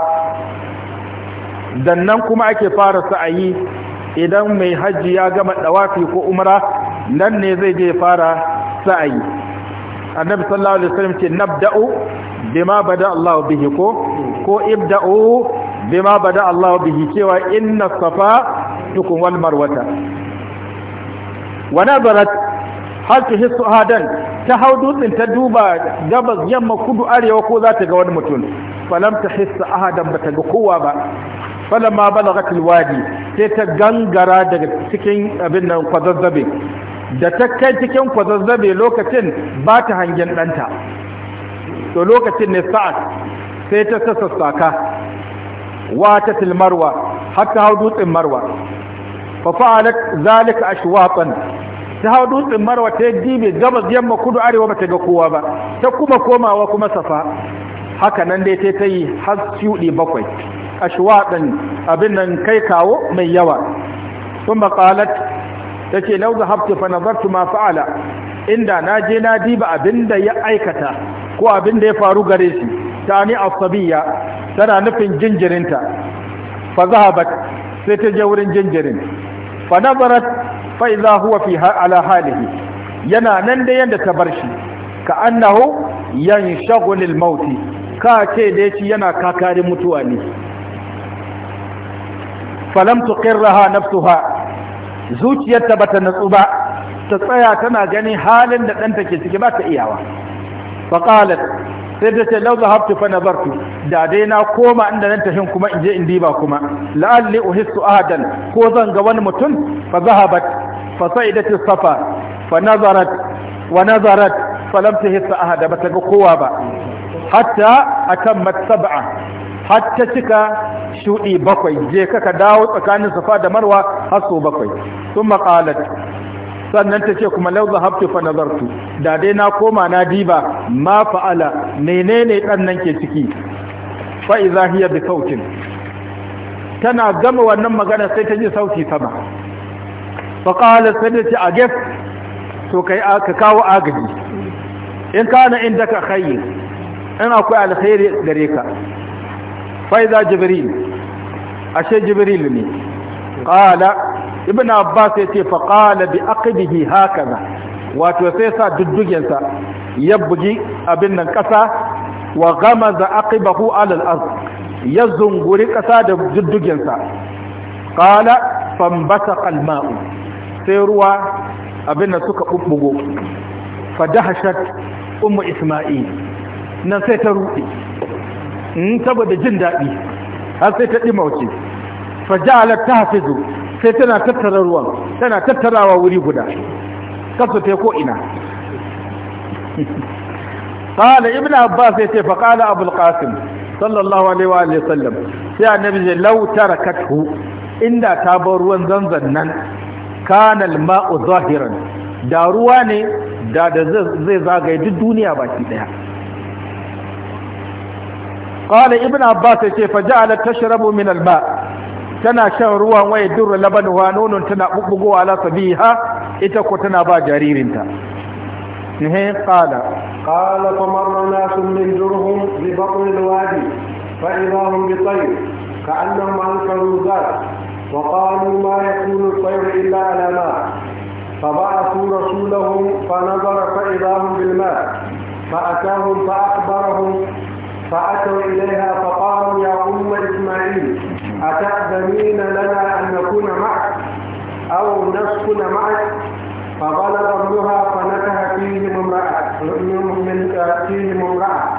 dan nan kuma ake fara sa'ayi idan mai hajji ya gama dawafi ko umra nan ne zai je fara sa'ayi annabi sallallahu alaihi wasallam ce nabda'u bima bada Allah bihi ko ko ibda'u bima bada Allah bihi cewa inna safa tukun wal marwata wa nazarat har ta hisu hadan ta hau dutsen ta duba gabas yamma kudu arewa ko za ta ga wani mutum falam ta hisu ahadan ba ta ga kowa ba falam ma balagat wadi sai ta gangara daga cikin abin nan kwazazzabe da ta kai cikin kwazazzabe lokacin ba ta hangen ɗanta to lokacin ne sa'ad sai ta sassaka wata tilmarwa ta hau dutsen marwa fa fa'alat zalika ashwaqan ta hau dutsen marwa ta yi dibe gabas yamma kudu arewa ba ta ga kowa ba ta kuma komawa kuma safa haka nan dai ta yi har shuɗi bakwai a shuwaɗin abin nan kai kawo mai yawa sun Baƙalat ta ce lauza hafti fa nazartu ma fa'ala inda na je na diba abin da ya aikata ko abin da ya faru gare shi ta ni asabiya tana nufin jinjirinta fa zahabat sai ta je wurin jinjirin fa nazarat fa idza huwa fi ala halihi yana nan da yanda ta bar shi ka annahu yan al maut ka ce da shi yana kakarin mutuwa ne falam tuqirraha nafsuha zuciyarta bata natsu ba ta tsaya tana ganin halin da ɗanta ke ciki ba ta iyawa faƙalat sai ta ce lau zahabtu fa nazartu da dai na koma inda nan tashin kuma in je in diba kuma la'alli uhissu ahadan ko zan ga wani mutum fa zahabat فصعدت الصفا فنظرت ونظرت فلم تهس ما بتقوى با حتى أتمت سبعة حتى تكا شوئي بقوي جيكا كداو تكاني صفا Marwa حسو بقوي ثم قالت sannan ta ce kuma lauza zahabtu fa nazartu da dai na koma na diba ma fa'ala menene dan nan ke ciki fa idza hiya bi sautin tana gama wannan magana sai ta ji sauti sama faƙalar sadati a gef to ka kawo agaji in kana inda ka khayi in akwai alkhairi gare ka faiza jibril ashe jibril ne ƙala ibn abbas ya ce faƙala bi aqibihi hakaza wato sai sa duddugensa ya bugi abin nan ƙasa wa gamaza aqibahu alal ard ya zunguri ƙasa da duddugensa qala fambasa kalma'u. sai ruwa abin da suka bubbugo fadahashat ummu isma'il nan sai ta ruɗe in hmm, saboda jin daɗi har sai ta ɗimauce fajalar ta hafizu sai tana tattara ruwan tana tattarawa wuri guda kasu ta ko ina قال ابن عباس يتي فقال ابو القاسم صلى الله عليه واله وسلم يا نبي لو تركته inda ta bar ruwan zanzan nan kana al-ma'u zahiran da ruwa ne da da zai zagaye duk duniya baki daya qala ibn abbas ce fa ja'ala tashrabu min al-ma tana shan ruwan waye durra labanuwa nonon tana bubbugowa ala sabiha ita ko tana ba jaririnta ne qala
قال فمر ناس من جرهم ببطن الوادي فإذا هم بطير كأنهم عن كروزات وقالوا ما يكون الطير إلا على ماء فبعثوا رسولهم فنظر فإذا هم بالماء فأتاهم فأخبرهم فأتوا إليها فقالوا يا أم إسماعيل أتأذنين لنا أن نكون معك أو نسكن معك فغلب ابنها فنكه فيهم امرأة من فيهم امرأة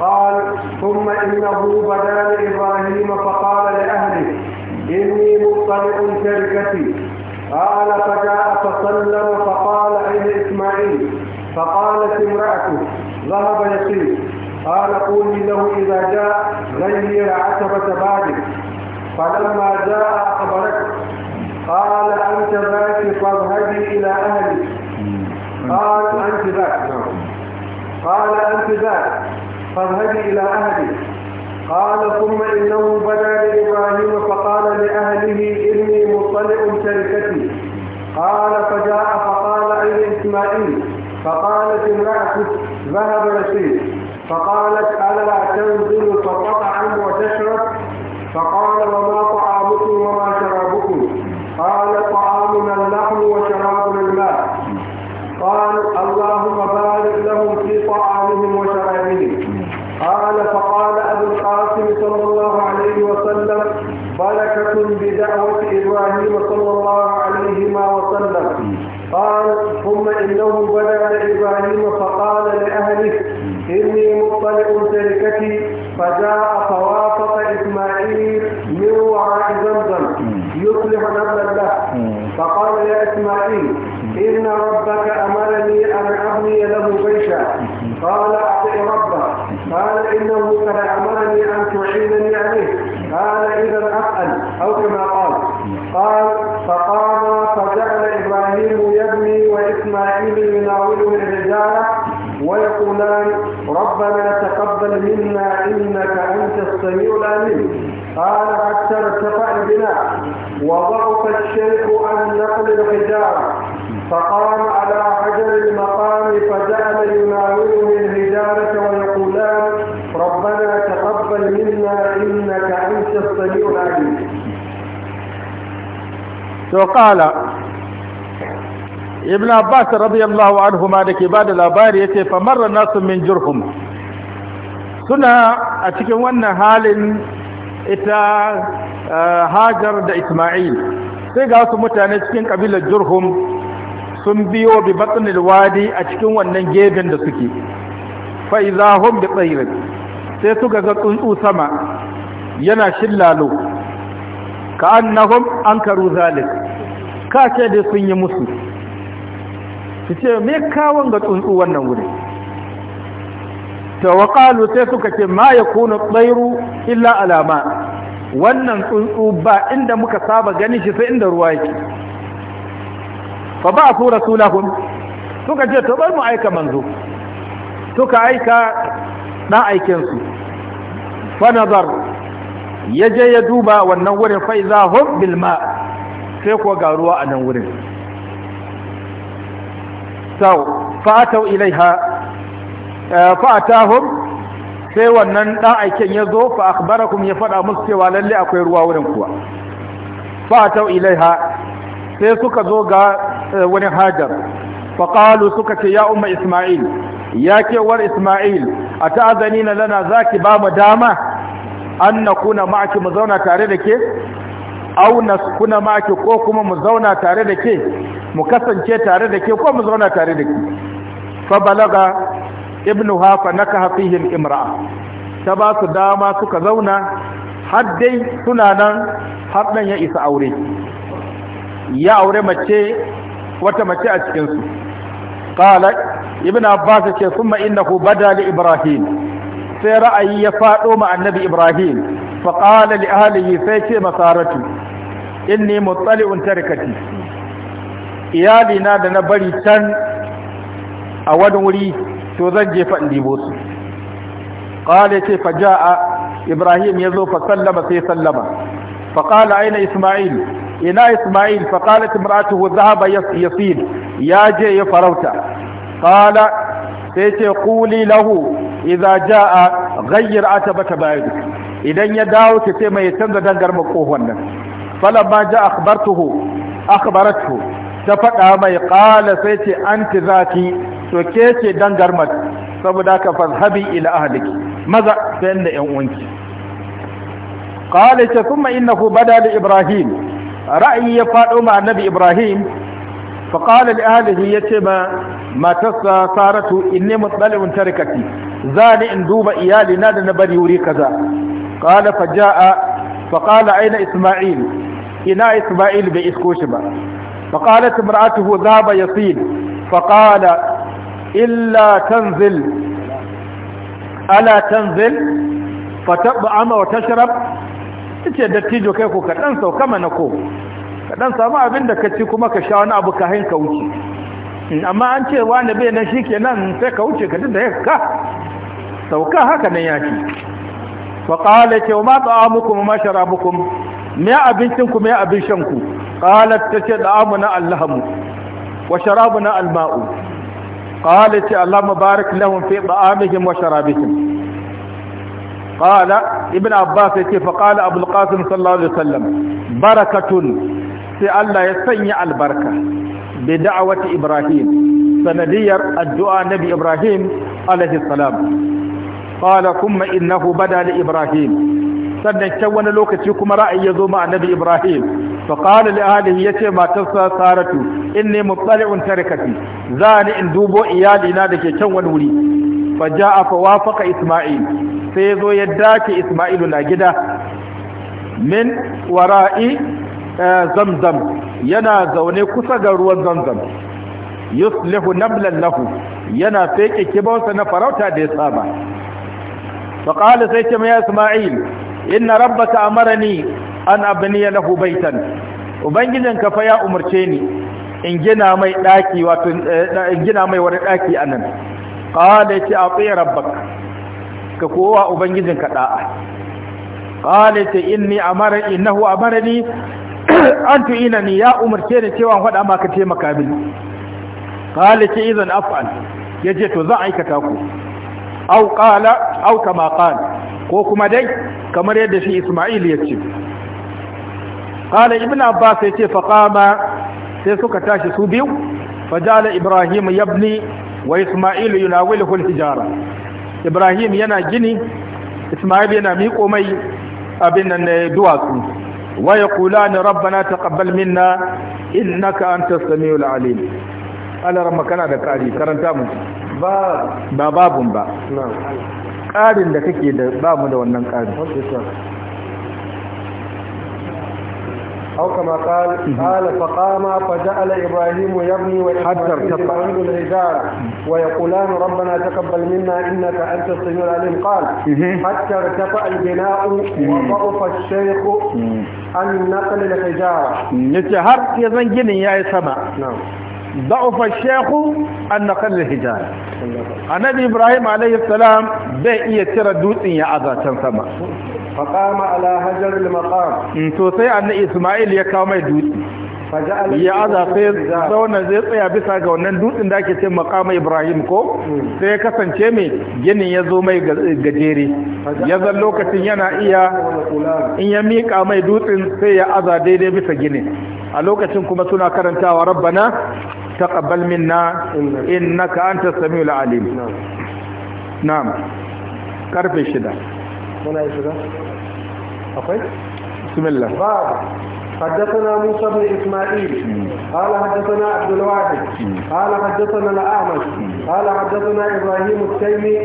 قال ثم إنه بدا لإبراهيم فقال لأهله إني مطلع شركتي قال فجاء فسلم فقال أين إسماعيل فقالت امرأته ذهب يسير قال قولي له إذا جاء غير عتبة بعدك فلما جاء أخبرك قال أنت ذاك فاذهبي إلى أهلك قال أنت ذاك قال أنت ذاك فاذهبي إلى أهلك قال ثم إنه بدا لإبراهيم فقال لأهله إني مطلع شركتي قال فجاء فقال أين إسماعيل فقالت امرأته ذهب رشيد فقالت ألا تنزل فتطعم وتشرب فقال وما طعامكم وما شرابكم قال طعامنا اللحم وشرابنا الماء
قال اللهم بارك لهم في طعامهم وشرابهم
قال فقال أبو القاسم دعوة إبراهيم صلى الله عليهما وسلم قال ثم إنه بدا إبراهيم فقال قال حتى ارتفع البناء وضعف الشرك عن نقل الحجارة فقام على حجر المقام فجعل يناوله الحجارة ويقولان ربنا تقبل منا إنك أنت السميع العليم
وقال ابن عباس رضي الله عنهما bada بعد yace fa marra nasu min jurhum suna a cikin wannan halin ita eh, hajar da isma'il sai ga wasu mutane cikin kabilar jurhum sun biyo bi batnil wadi a cikin wannan gefen da suke fa idahum bi sai suka ga tsuntsu sama yana shillalo ka annahum ankaru zalik ka ce dai sun yi musu su ce me kawon ga tsuntsu wannan wuri to Wakalu sai suka ce ma yakunu tsairu illa alama wannan tsuntsu ba inda muka saba ganin shi sai inda ruwa yake fa ba su rasulahum suka ce to bar mu aika manzo suka aika na aikinsu. Fanazar fa nazar yaje ya duba wannan wurin fa iza hum bil ma sai ko ga ruwa a nan wurin sau fa atau ilaiha Eh, fa'atahum sai wannan ɗan aiken ya zo fa akhbarakum ya faɗa musu cewa lalle akwai ruwa wurin kuwa fa'atau ilaiha sai suka zo ga eh, wani hajar fa suka ce ya umma isma'il ya ke war isma'il na lana zaki ba mu dama an nakuna ma'aki mu zauna tare da ke au naskuna ma'aki ko kuma mu zauna tare da ke mu kasance tare da ke ko mu zauna tare da ke fa balaga ibnu hafa nakaha hafihin imra'a ta ba su dama suka zauna har dai suna nan har dan ya isa aure ya aure mace wata mace a cikinsu. su abbas ce summa innahu bada li ibrahim sai ra'ayi ya faɗo ma annabi ibrahim fa qala li ahlihi sai ce masaratu inni muttali'un tarikati iyalina da na bari can a wani wuri to zan jefa in dibo su qala ce fa jaa ibrahim zo fa sallama sai sallama fa qala aina isma'il ina isma'il fa qalat imra'atuhu dhahaba yasid ya je ya farauta qala sai ce quli lahu idza jaa ghayyir atabaka ba'id idan ya dawo ki sai mai canza dangar makohon nan falamma ja akhbartuhu akhbarathu ta faɗa mai ƙala sai ce an ti zaki to ke ce dan garmat saboda ka fazhabi ila ahliki maza sayan da yan uwanki qala ta kuma bada da ibrahim ra'ayi ya faɗo ma annabi ibrahim fa da li ya yace ma matarsa saratu inni mutsalibun tarikati ni in duba iyali na da na bari wuri kaza qala fa jaa fa qala aina isma'il ina isma'il bai isko shi ba fa qalat imra'atuhu dhaba yasin illa tanzil
ala tanzil fatabba ama wa tashrab
tace dattijo kai ko ka dan sauka mana ko ka samu abin da ka ci kuma ka sha wani abu ka hin ka wuce amma an ce wani bai nan shikenan sai ka wuce ka dinda ka sauka haka nan ya ci fa qala ce ma ta'amukum ma sharabukum me abincinku me abin shan ku qalat tace da'amuna allahamu wa sharabuna alma'u qala ta allahumma barik lahum fi ta'amihim wa sharabihim qala ibn abbas yace fa qala abul qasim sallallahu alaihi wasallam barakatun sai allah ya sanya albarka bi da'wati ibrahim sanadiyar addu'a nabi ibrahim alaihi salam qala kuma innahu bada li ibrahim sannan can wani lokaci kuma ra'ayi ya zo ma annabi ibrahim fa qala li ahlihi yace matarsa saratu inni mutali'un tarikati zani in dubo iyalina da ke can wani wuri fa ja'a fa wafaqa isma'il sai zo ya dace Isma'il na gida min wara'i eh, zamzam yana zaune kusa ga ruwan zamzam yuslihu nablan lahu yana feke kibansa na farauta da ya saba faƙali sai ce ya isma'il inna rabbaka amarani an abniya lahu baitan ubangijinka fa ya umarce ni in gina mai daki wato eh, in gina mai wani daki anan qala ti ati rabbaka ka kowa ubangijinka da'a qala ti inni amara innahu amarani an tu'ina ni ya umarce ni cewa faɗa ma ka taimaka min qala ti idan af'al yaje to za aikata ku au qala au kama qala ko kuma dai kamar yadda shi Isma'il ya ce qala ibn abbas ya ce faqama sai suka tashi su biyu fajala ibrahim yabni wa isma'il yunawiluhu al-hijara ibrahim yana gini isma'il yana miƙo mai abin nan eh, duwatsu wa yaqulani rabbana taqabbal minna innaka antas samiul alim Allah ramma kana da kari karanta mu ba ba babun ba ƙarin da kake bamu da wannan ƙarin
aukama mhm. ƙala faƙama faja ala ibrahimu ya bi wa hajjar ta faru da rigara wa ya kula na rabbana ta kabbalmin na ina mhm. ta hajjar sun yi ralin ƙal hajjar ta fa albina'u wa ƙofa mhm. shekku an naƙali da rigara
ya ce har ya zan ginin ya yi sama ضعف الشيخ أن نقل الحجاج النبي إبراهيم عليه السلام بيئي ترى دوتين يا أذا تنسمع
فقام على هجر المقام
توسي أن إسماعيل يكاوم دوتين
ya aza sai zaune
zai tsaya bisa ga wannan dutsen da ake ce makama ibrahim ko sai ya kasance mai ginin ya zo mai gajere ya zan lokacin yana iya in ya miƙa mai dutsen sai ya aza daidai bisa ginin a lokacin kuma suna karantawa rabbana تقبل منا إنك أنت السميع العليم نعم كرب الشدة بسم الله
حدثنا موسى بن إسماعيل قال حدثنا عبد الواحد قال حدثنا الأعمش قال حدثنا إبراهيم التيمي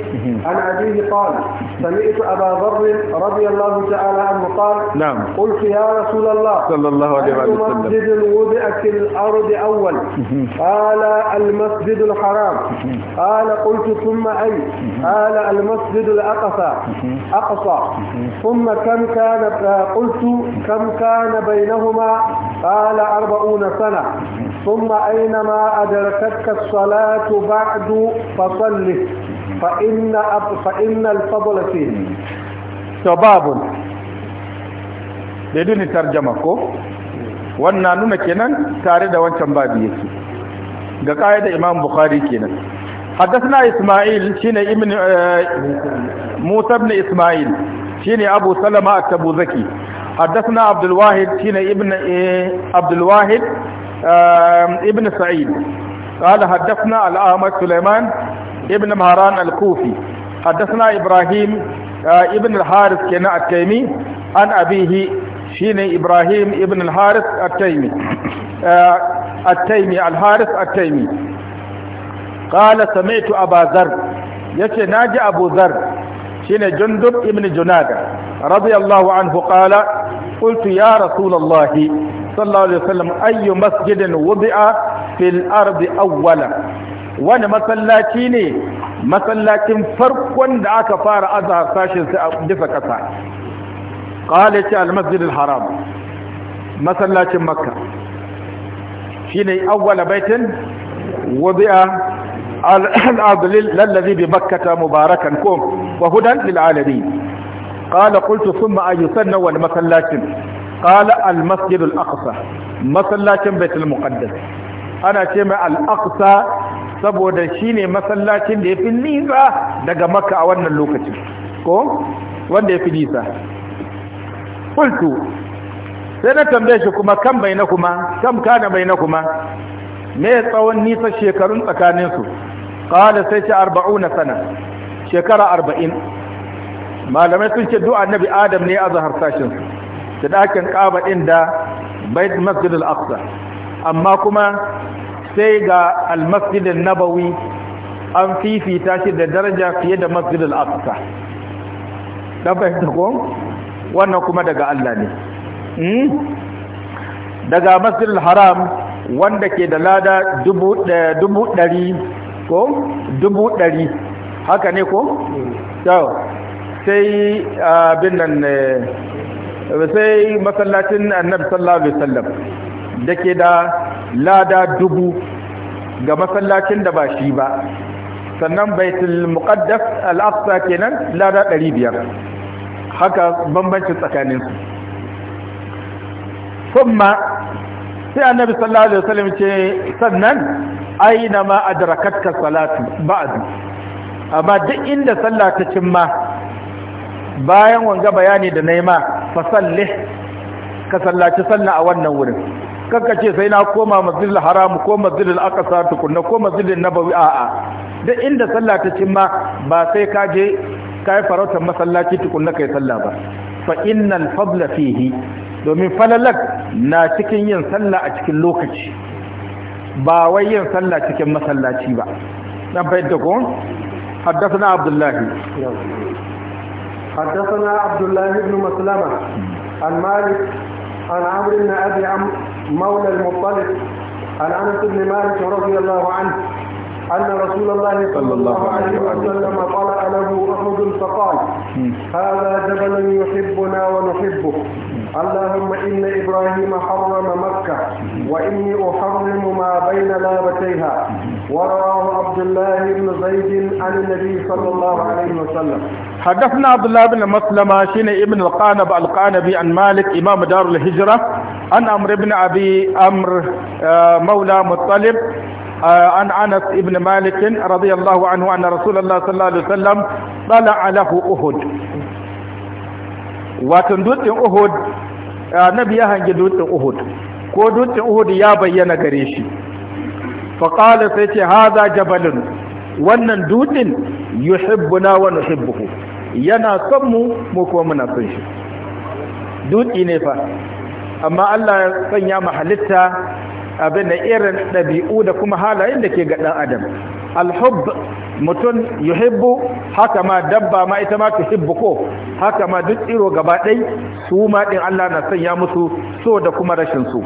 عن أبيه قال سمعت أبا ذر رضي الله تعالى عنه قال نعم قلت يا رسول الله
صلى الله عليه وسلم مسجد
وضع في الأرض أول قال المسجد الحرام قال قلت ثم أي قال المسجد الأقصى أقصى ثم كم كان قلت كم كان بينه بينهما قال أربعون سنة ثم أينما أدركتك الصلاة بعد فصله فإن, أب فإن الفضل
فيه شباب بدون ترجمة كو wannan nuna kenan tare da wancan babu yake ga kaida Imam Bukhari kenan حدثنا إسماعيل شين ابن موسى بن إسماعيل شين أبو سلمة التبوذكي حدثنا عبد الواحد هنا ابن عبد الواحد ابن سعيد قال حدثنا الأعمد سليمان ابن مهران الكوفي حدثنا إبراهيم ابن الحارث كنا التيمي عن أبيه شين إبراهيم ابن الحارث التيمي التيمي الحارث التيمي قال سمعت أبا ذر يتي ناجي أبو ذر شين جندب ابن جنادة رضي الله عنه قال قلت يا رسول الله صلى الله عليه وسلم أي مسجد وضع في الأرض أولا wani masallaci ne masallacin farkon da aka fara azhar sashin sai a dufa kasa qala ta al-masjid al-haram masallacin makka shine awwala baitin wudi'a al bi Makkata mubarakan ko wa hudan qala qultu thumma ayu sanna wal masallacin qala al masjid al aqsa masallacin baitul muqaddas ana ce mai al aqsa saboda shine masallacin da yafi nisa daga makka a wannan lokacin ko wanda yafi nisa qultu sai na tambaye shi kuma kan bai na kuma kam kana bai na kuma me tsawon nisa shekarun tsakaninsu ƙada sai ce arba'una sana shekara arba'in malamai sun ce du'a nabi adam ne azhar sashin da dakin kaba din da bait masjid al-aqsa amma kuma sai ga al-masjid al nabawi an fifita shi da daraja fiye da masjid al-aqsa da bai ko wannan kuma daga Allah ne hmm? daga masjid al-haram wanda ke da lada dubu ɗari ko dubu ɗari haka ne ko? Hmm. sai abin nan eh, sai masallacin annabi sallallahu alaihi wasallam da ke da lada dubu ga masallacin da ba shi ba sannan baitul muqaddas al-aqsa kenan lada 500 haka bambancin tsakanin su kuma sai annabi sallallahu alaihi wasallam ce sannan aina ma adrakatka salatu ba'du amma duk inda sallah ta cimma bayan wanga bayani da naima fa salli ka sallaci sallah a wannan wurin kanka ce sai na koma masjidil haram ko masjidil aqsa tukunna ko masjidil nabawi a'a da inda sallah ta cin ma ba sai ka je kai farautar masallaci tukunna kai sallah ba fa innal fadla fihi domin falalak na cikin yin sallah a cikin lokaci ba wai yin sallah cikin masallaci ba na bayyana ko
حدثنا عبد الله
حدثنا عبد الله بن مسلمة عن مالك عن عمرو بن أبي عم مولى المطلب عن أنس بن مالك رضي الله عنه أن رسول الله صلى الله عليه وسلم طلع له أحد فقال هذا جبل يحبنا ونحبه اللهم إن إبراهيم حرم مكة وإني أحرم ما بين لابتيها ورواه عبد الله بن زيد عن النبي صلى الله عليه وسلم
حدثنا عبد الله بن مسلمة شين ابن القانب القانبي عن مالك إمام دار الهجرة عن عمرو بن أبي عمرو مولى مطلب عن أنس بن مالك رضي الله عنه أن رسول الله صلى الله عليه وسلم طلع له أهد وتندوت أهد نبي يهنج دوت أهد ko dutsen Uhud ya bayyana gare shi faƙala sai ce haza jabalin wannan dutsen yuhibbuna wa nuhibbuhu yana son mu mu kuma muna son shi dutsi ne fa amma Allah ya sanya mu halitta abin da irin ɗabi'u da kuma halayen da ke ga ɗan adam alhubb mutum yuhibbu haka ma dabba ma ita ma tuhibbu ko haka ma duk tsiro gaba ɗai su ma ɗin Allah na sanya musu so da kuma rashin su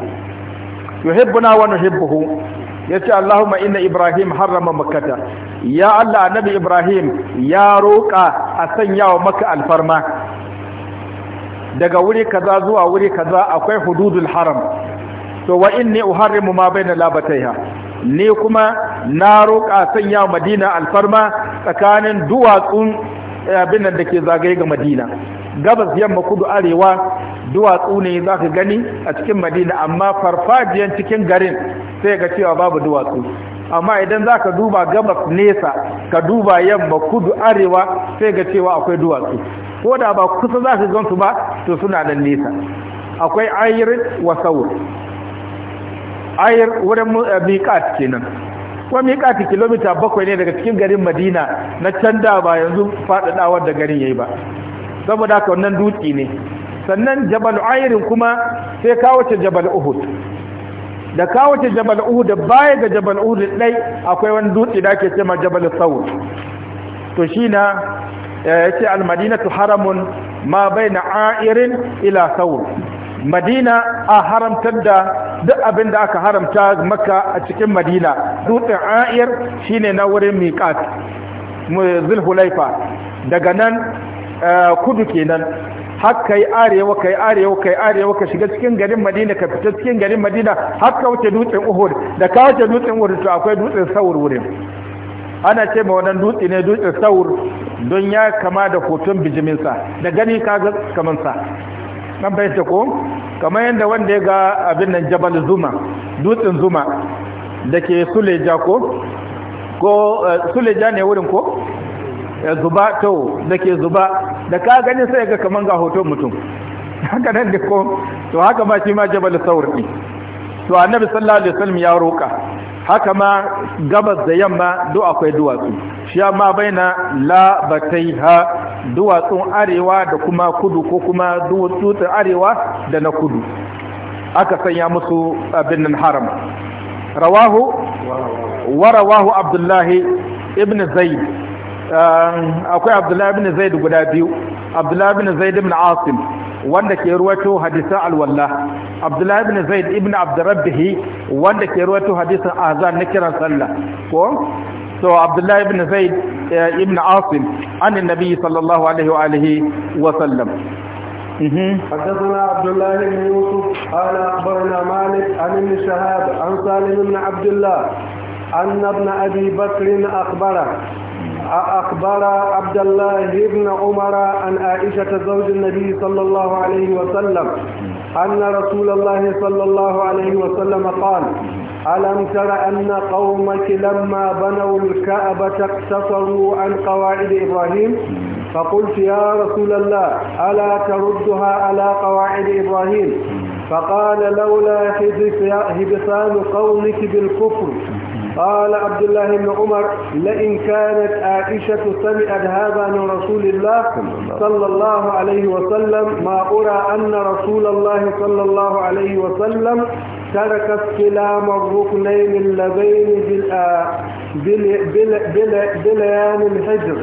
yuhibbuna wa nuhibbuhu ya ce Allahumma inna Ibrahim harrama makata ya Allah annabi Ibrahim ya roƙa a sanya wa maka alfarma daga wuri kaza zuwa wuri kaza akwai hududun haram to wa inni uharrimu ma baina labataiha ni kuma na roƙa sanya Madina alfarma tsakanin duwatsun eh, abin da ke zagaye ga Madina gabas yamma kudu arewa duwatsu ne za ka gani a cikin madina amma farfajiyan cikin garin sai ga cewa babu duwatsu amma idan za ka duba gabas nesa ka duba yamma kudu arewa sai ga cewa akwai duwatsu ko da ba kusa za ka gansu ba to suna nan nesa akwai ayir wa saur ayir wurin eh, miƙat kenan ko miƙat kilomita bakwai ne daga cikin garin madina na can da ba yanzu faɗaɗawar da garin ya yi ba saboda haka wannan dutse ne sannan jabal ayrin kuma sai ka wuce jabal uhud da ka wuce jabal uhud da baya ga jabal uhud dai akwai wani dutse da ake cewa jabal saud to shi na eh, yace al madinatu haramun ma baina a'irin ila saud madina a haramtar da duk abin da aka haramta maka a cikin madina dutsen a'ir shine na wurin miƙat zulhulaifa daga nan Eh, kudu kenan har kai arewa kai arewa kai arewa ka shiga cikin garin Madina ka fita cikin garin Madina har ka wuce dutsen Uhud da ka wuce dutsen Uhud to akwai dutsen Sawur wurin ana ce ma wannan dutse ne dutsen Sawur don ya kama da hoton bijimin sa da gani ka ga kaman sa bai ta ko kamar yadda wanda ya ga abin nan Jabal Zuma dutsen Zuma da ke Suleja ko ko eh, Suleja ne wurin ko Eh, zuba to da zuba da ka gani sai ga kaman ga hoton mutum (laughs) haka nan da ko to haka ma shi ma jabal saur ne to annabi sallallahu alaihi wasallam ya roka haka ma gabas da yamma duk akwai duwatsu shi amma baina la labataiha duwatsun arewa da kuma kudu ko kuma duwatsun arewa da na kudu aka sanya musu abin nan haram rawahu wa rawahu abdullahi ibn zaid Ehm, akwai abdullahi bin zaid guda biyu abdullahi bin zaid bin asim wanda ke ruwato hadisan alwallah abdullahi bin zaid ibn abdurrabbih wanda ke ruwato hadisan azan na kiran sallah ko so abdullahi bin zaid eh, ibn asim an annabi sallallahu alaihi wa alihi wa sallam mhm.
حدثنا عبد الله بن يوسف قال اخبرنا مالك عن ابن شهاب عن سالم بن عبد الله ان ابن ابي بكر اخبره أخبر عبد الله بن عمر عن عائشة زوج النبي صلى الله عليه وسلم أن رسول الله صلى الله عليه وسلم قال ألم تر أن قومك لما بنوا الكعبة اقتصروا عن قواعد إبراهيم فقلت يا رسول الله ألا تردها على قواعد إبراهيم فقال لولا هبطان قومك بالكفر قال عبد الله بن عمر لئن كانت عائشة سمعت هذا من رسول الله صلى الله عليه وسلم ما أرى أن رسول الله صلى الله عليه وسلم ترك السلام الركنين اللذين بليان الحجر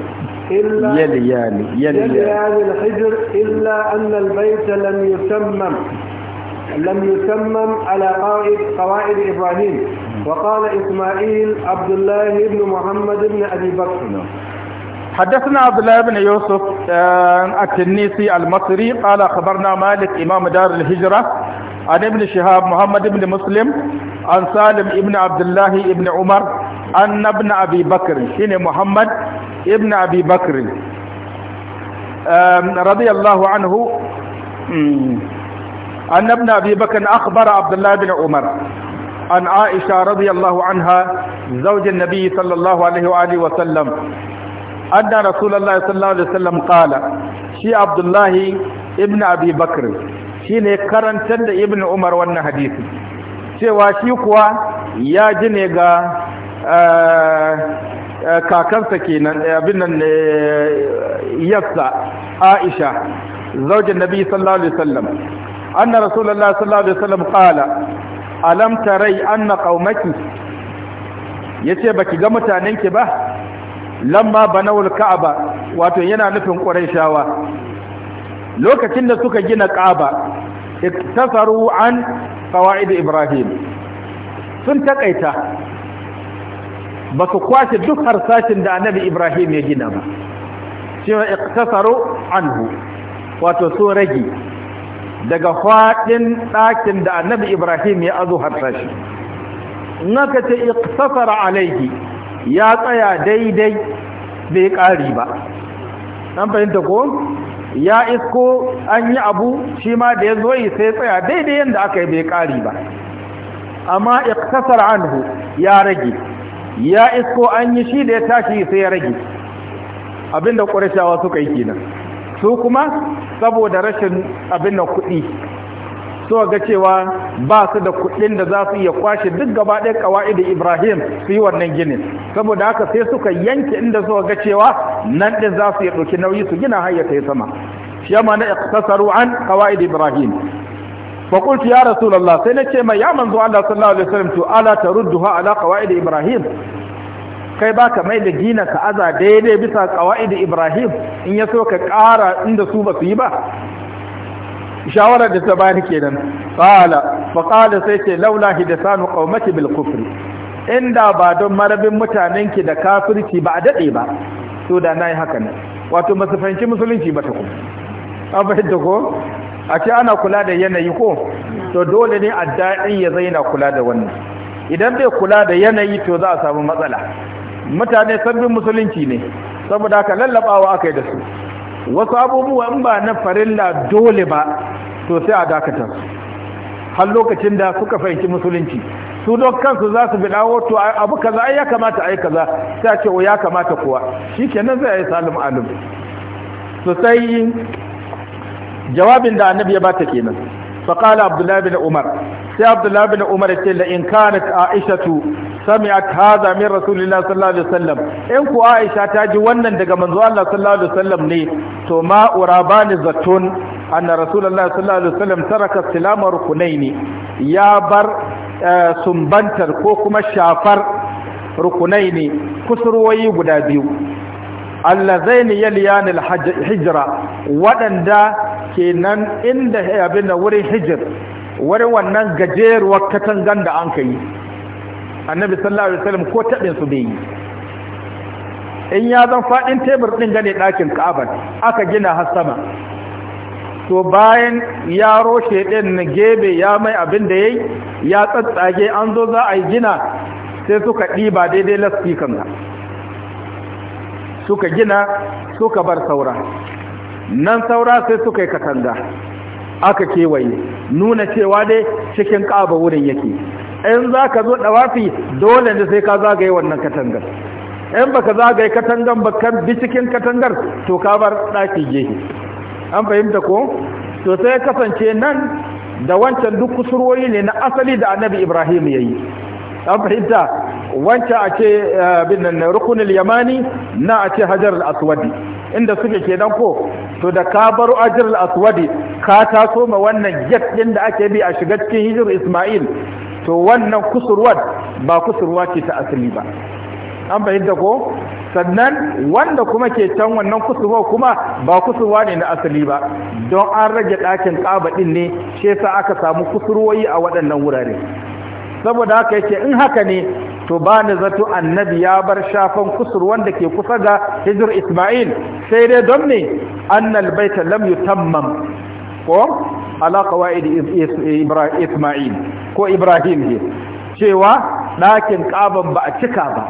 إلا يليان يليان الحجر إلا أن البيت لم يتمم لم يتمم على قواعد إبراهيم وقال إسماعيل عبد الله بن محمد بن أبي بكر نعم.
حدثنا عبد الله بن يوسف آه، التنيسي المصري قال أخبرنا مالك إمام دار الهجرة عن ابن شهاب محمد بن مسلم عن سالم ابن عبد الله ابن عمر أن ابن أبي بكر شين محمد ابن أبي بكر رضي الله عنه أن ابن أبي بكر أخبر عبد الله بن عمر عن عائشة رضي الله عنها زوج النبي صلى الله عليه وآله وسلم أن رسول الله صلى الله عليه وسلم قال شي عبد الله ابن أبي بكر شي نكرن تند ابن عمر وانا cewa shi kuwa ya ji ne ga kakansa kenan abin nan yassa Aisha zaujin Nabi sallallahu alaihi wasallam anna rasulullahi sallallahu alaihi wasallam qala alam tarai ya ce yace baki ga mutanenki ba lamma banawul ka'aba wato yana nufin ƙuraishawa lokacin da suka gina ka'aba iktasaru an qawaid ibrahim sun takaita ba su kwashe duk harsashin da annabi ibrahim ya gina ba cewa iktasaru anhu wato sun rage daga faɗin ɗakin da annabi ibrahim ya azo harsashi naka ce iqtasara alaihi ya tsaya daidai bai ƙari ba an fahimta ko ya isko an yi abu shi ma da ya zo yi sai tsaya daidai yadda aka yi bai ƙari ba amma iqtasar anhu ya rage ya isko an yi shi da ya tashi sai ya rage abinda ƙurashawa suka yi kenan su kuma saboda rashin abin da kuɗi so ga cewa ba su da kuɗin da za su iya kwashe duk gaba ɗaya kawai da ibrahim su yi wannan ginin saboda haka sai suka yanke inda su ga cewa nan ɗin za su iya ɗauki nauyi su gina har ya kai sama shi yamma na iktasaru an kawai da ibrahim فقلت يا رسول الله سنة ما Allah منذ alaihi صلى الله عليه وسلم ألا ala على da Ibrahim. kai ba ka mai da dina ka aza daidai bisa kawa'id Ibrahim in ya so ka kara inda su ba su yi ba shawarar da ta bani kenan qala fa qala sai ce laula hidasanu qaumati bil kufri inda ba don marabin mutanen ki da kafirci ba a dade ba to da nayi haka ne wato masu fahimci musulunci ba ta kuma an da ko a ce ana kula da yanayi ko to dole ne addai ya zaina kula da wannan idan bai kula da yanayi to za a samu matsala mutane sabbin musulunci ne saboda ka lallabawa aka yi da su wasu abubuwa in ba na farilla dole ba to sai a dakatar har lokacin da suka fahimci musulunci su don kansu za su bida wato abu kaza ai ya kamata ai kaza sai a ce o oh, ya kamata kuwa shikenan zai yi salim alim sosai sai jawabin da annabi ya bata kenan فقال عبد الله بن عمر سي عبد الله بن عمر قال ان كانت عائشه سمعت هذا من رسول الله صلى الله عليه وسلم انكو عائشه تاجي wannan daga manzo Allah sallallahu alaihi wasallam ne to ma urabani zatun anna rasul Allah sallallahu alaihi wasallam taraka silama rukunaini ya bar sumbantar ko kuma shafar rukunaini kusurwayi guda biyu allazaini yaliyanil hijra wadanda kenan inda abin da wurin hijir wurin wannan gajeruwar katangan da an ka yi annabi sallallahu alaihi wasallam ko taɓin su bai yi in ya zan faɗin tebur ɗin gane ɗakin ka'abar aka gina har sama to bayan ya roshe na gebe ya mai abin da ya yi ya tsattsage an zo za a yi gina sai suka ɗiba daidai laspikan suka gina suka bar saura nan saura sai suka yi katanga aka kewaye nuna cewa dai cikin ƙaba wurin yake in za ka zo ɗawafi dole ne sai ka zagaye wannan katangar in ba ka zagaye katangar ba kan bi cikin katangar to ka bar ɗaki gehe an fahimta ko to sai kasance nan da wancan duk kusurwoyi ne na asali da annabi ibrahim ya yi an fahimta wancan a ce eh, bin rukunin yamani na a ce hajar al-aswadi inda suke kenan ko to da ka baro al aswadi ka taso ma wannan jet din da ake bi a shiga cikin hijir isma'il to wannan kusurwar ba kusurwa ce ta asali ba an fahimta ko sannan wanda kuma ke can wannan kusurwa kuma ba kusurwa ne na asali ba don an rage ɗakin ƙaba ɗin ne shi yasa aka samu kusurwoyi a waɗannan wurare saboda haka yake in haka ne to ba ni zato annabi ya bar shafan kusur wanda ke kusa ga hijir isma'il sai dai don ne annal baita lam yutammam ko ala isma'il ko ibrahim ne cewa ɗakin ƙaban ba a cika ba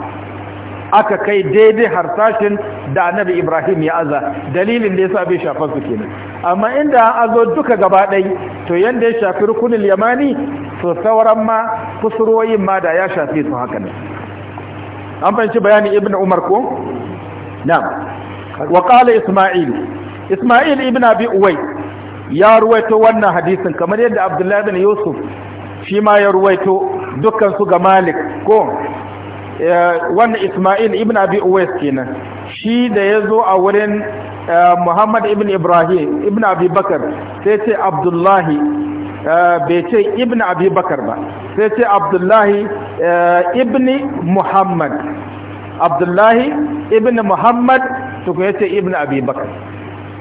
aka kai daidai harsashin da annabi ibrahim ya aza dalilin da yasa bai shafar su kenan amma inda an azo duka gaba ɗai to yanda ya shafi rukunin yamani to sauran ma kusurwoyin ma da ya shafi su haka ne an fahimci bayani ibn umar ko na'am wa qala isma'il isma'il ibn abi uwai ya ruwaito wannan hadisin kamar yadda abdullahi bin yusuf shi ma ya ruwaito dukkan su ga malik ko Eh, wannan Ismail ibn Abi Uwais kenan shi da ya zo a wurin eh, Muhammad ibn Ibrahim ibn Abi Bakar sai ce Abdullahi eh, bai ce ibn Abi Bakar ba sai ce Abdullahi ibn Muhammad Abdullahi ibn Muhammad to kuma ce ibn Abi Bakar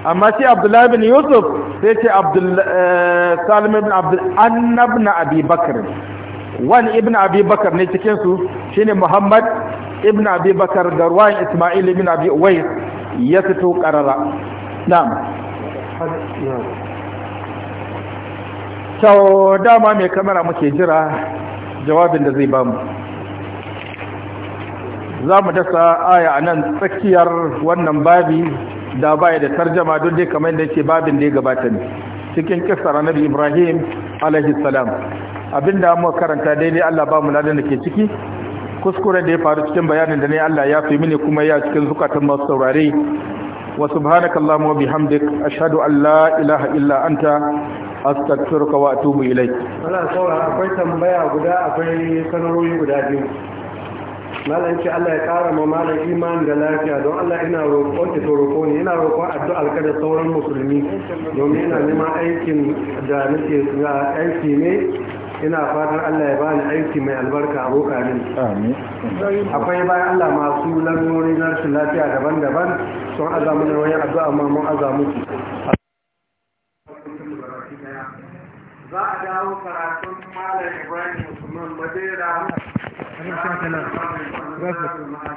amma sai Abdullahi ibn Yusuf sai ce Abdullahi Salim ibn Abdul Annabna Abi Bakar wani ibn abi ne cikinsu shine muhammad ibn abi da ruwan ismail ibn abi uwais ya fito karara na'am kyau dama mai kamara muke jira jawabin da zai bamu za mu dasa aya a nan tsakiyar wannan babi da baya da tarjama don dai kamar da yake babin da ya gabata ne cikin kisar annabi ibrahim alaihi salam abinda muka karanta daidai Allah ba mu ladan da ke ciki kuskure da ya faru cikin bayanin da ne Allah ya fi mini kuma ya cikin zukatan masu saurare wa subhanakallahumma wa bihamdik ashhadu an la ilaha illa anta astaghfiruka wa atubu ilaik
wala saura akwai tambaya guda akwai sanarori guda biyu malam ce Allah ya kara ma malam iman da lafiya don Allah ina roƙon ki to roƙo ne ina roƙon addu'a ka da sauran musulmi domin ina neman aikin da nake aiki ne ina fatan Allah ya bani aiki mai albarka aboka min akwai bayan Allah
masu lalurori na rashin lafiya daban-daban sun azamu da wani abu, amma mun azamu
za a dawo karatun malam ibrahim usman madera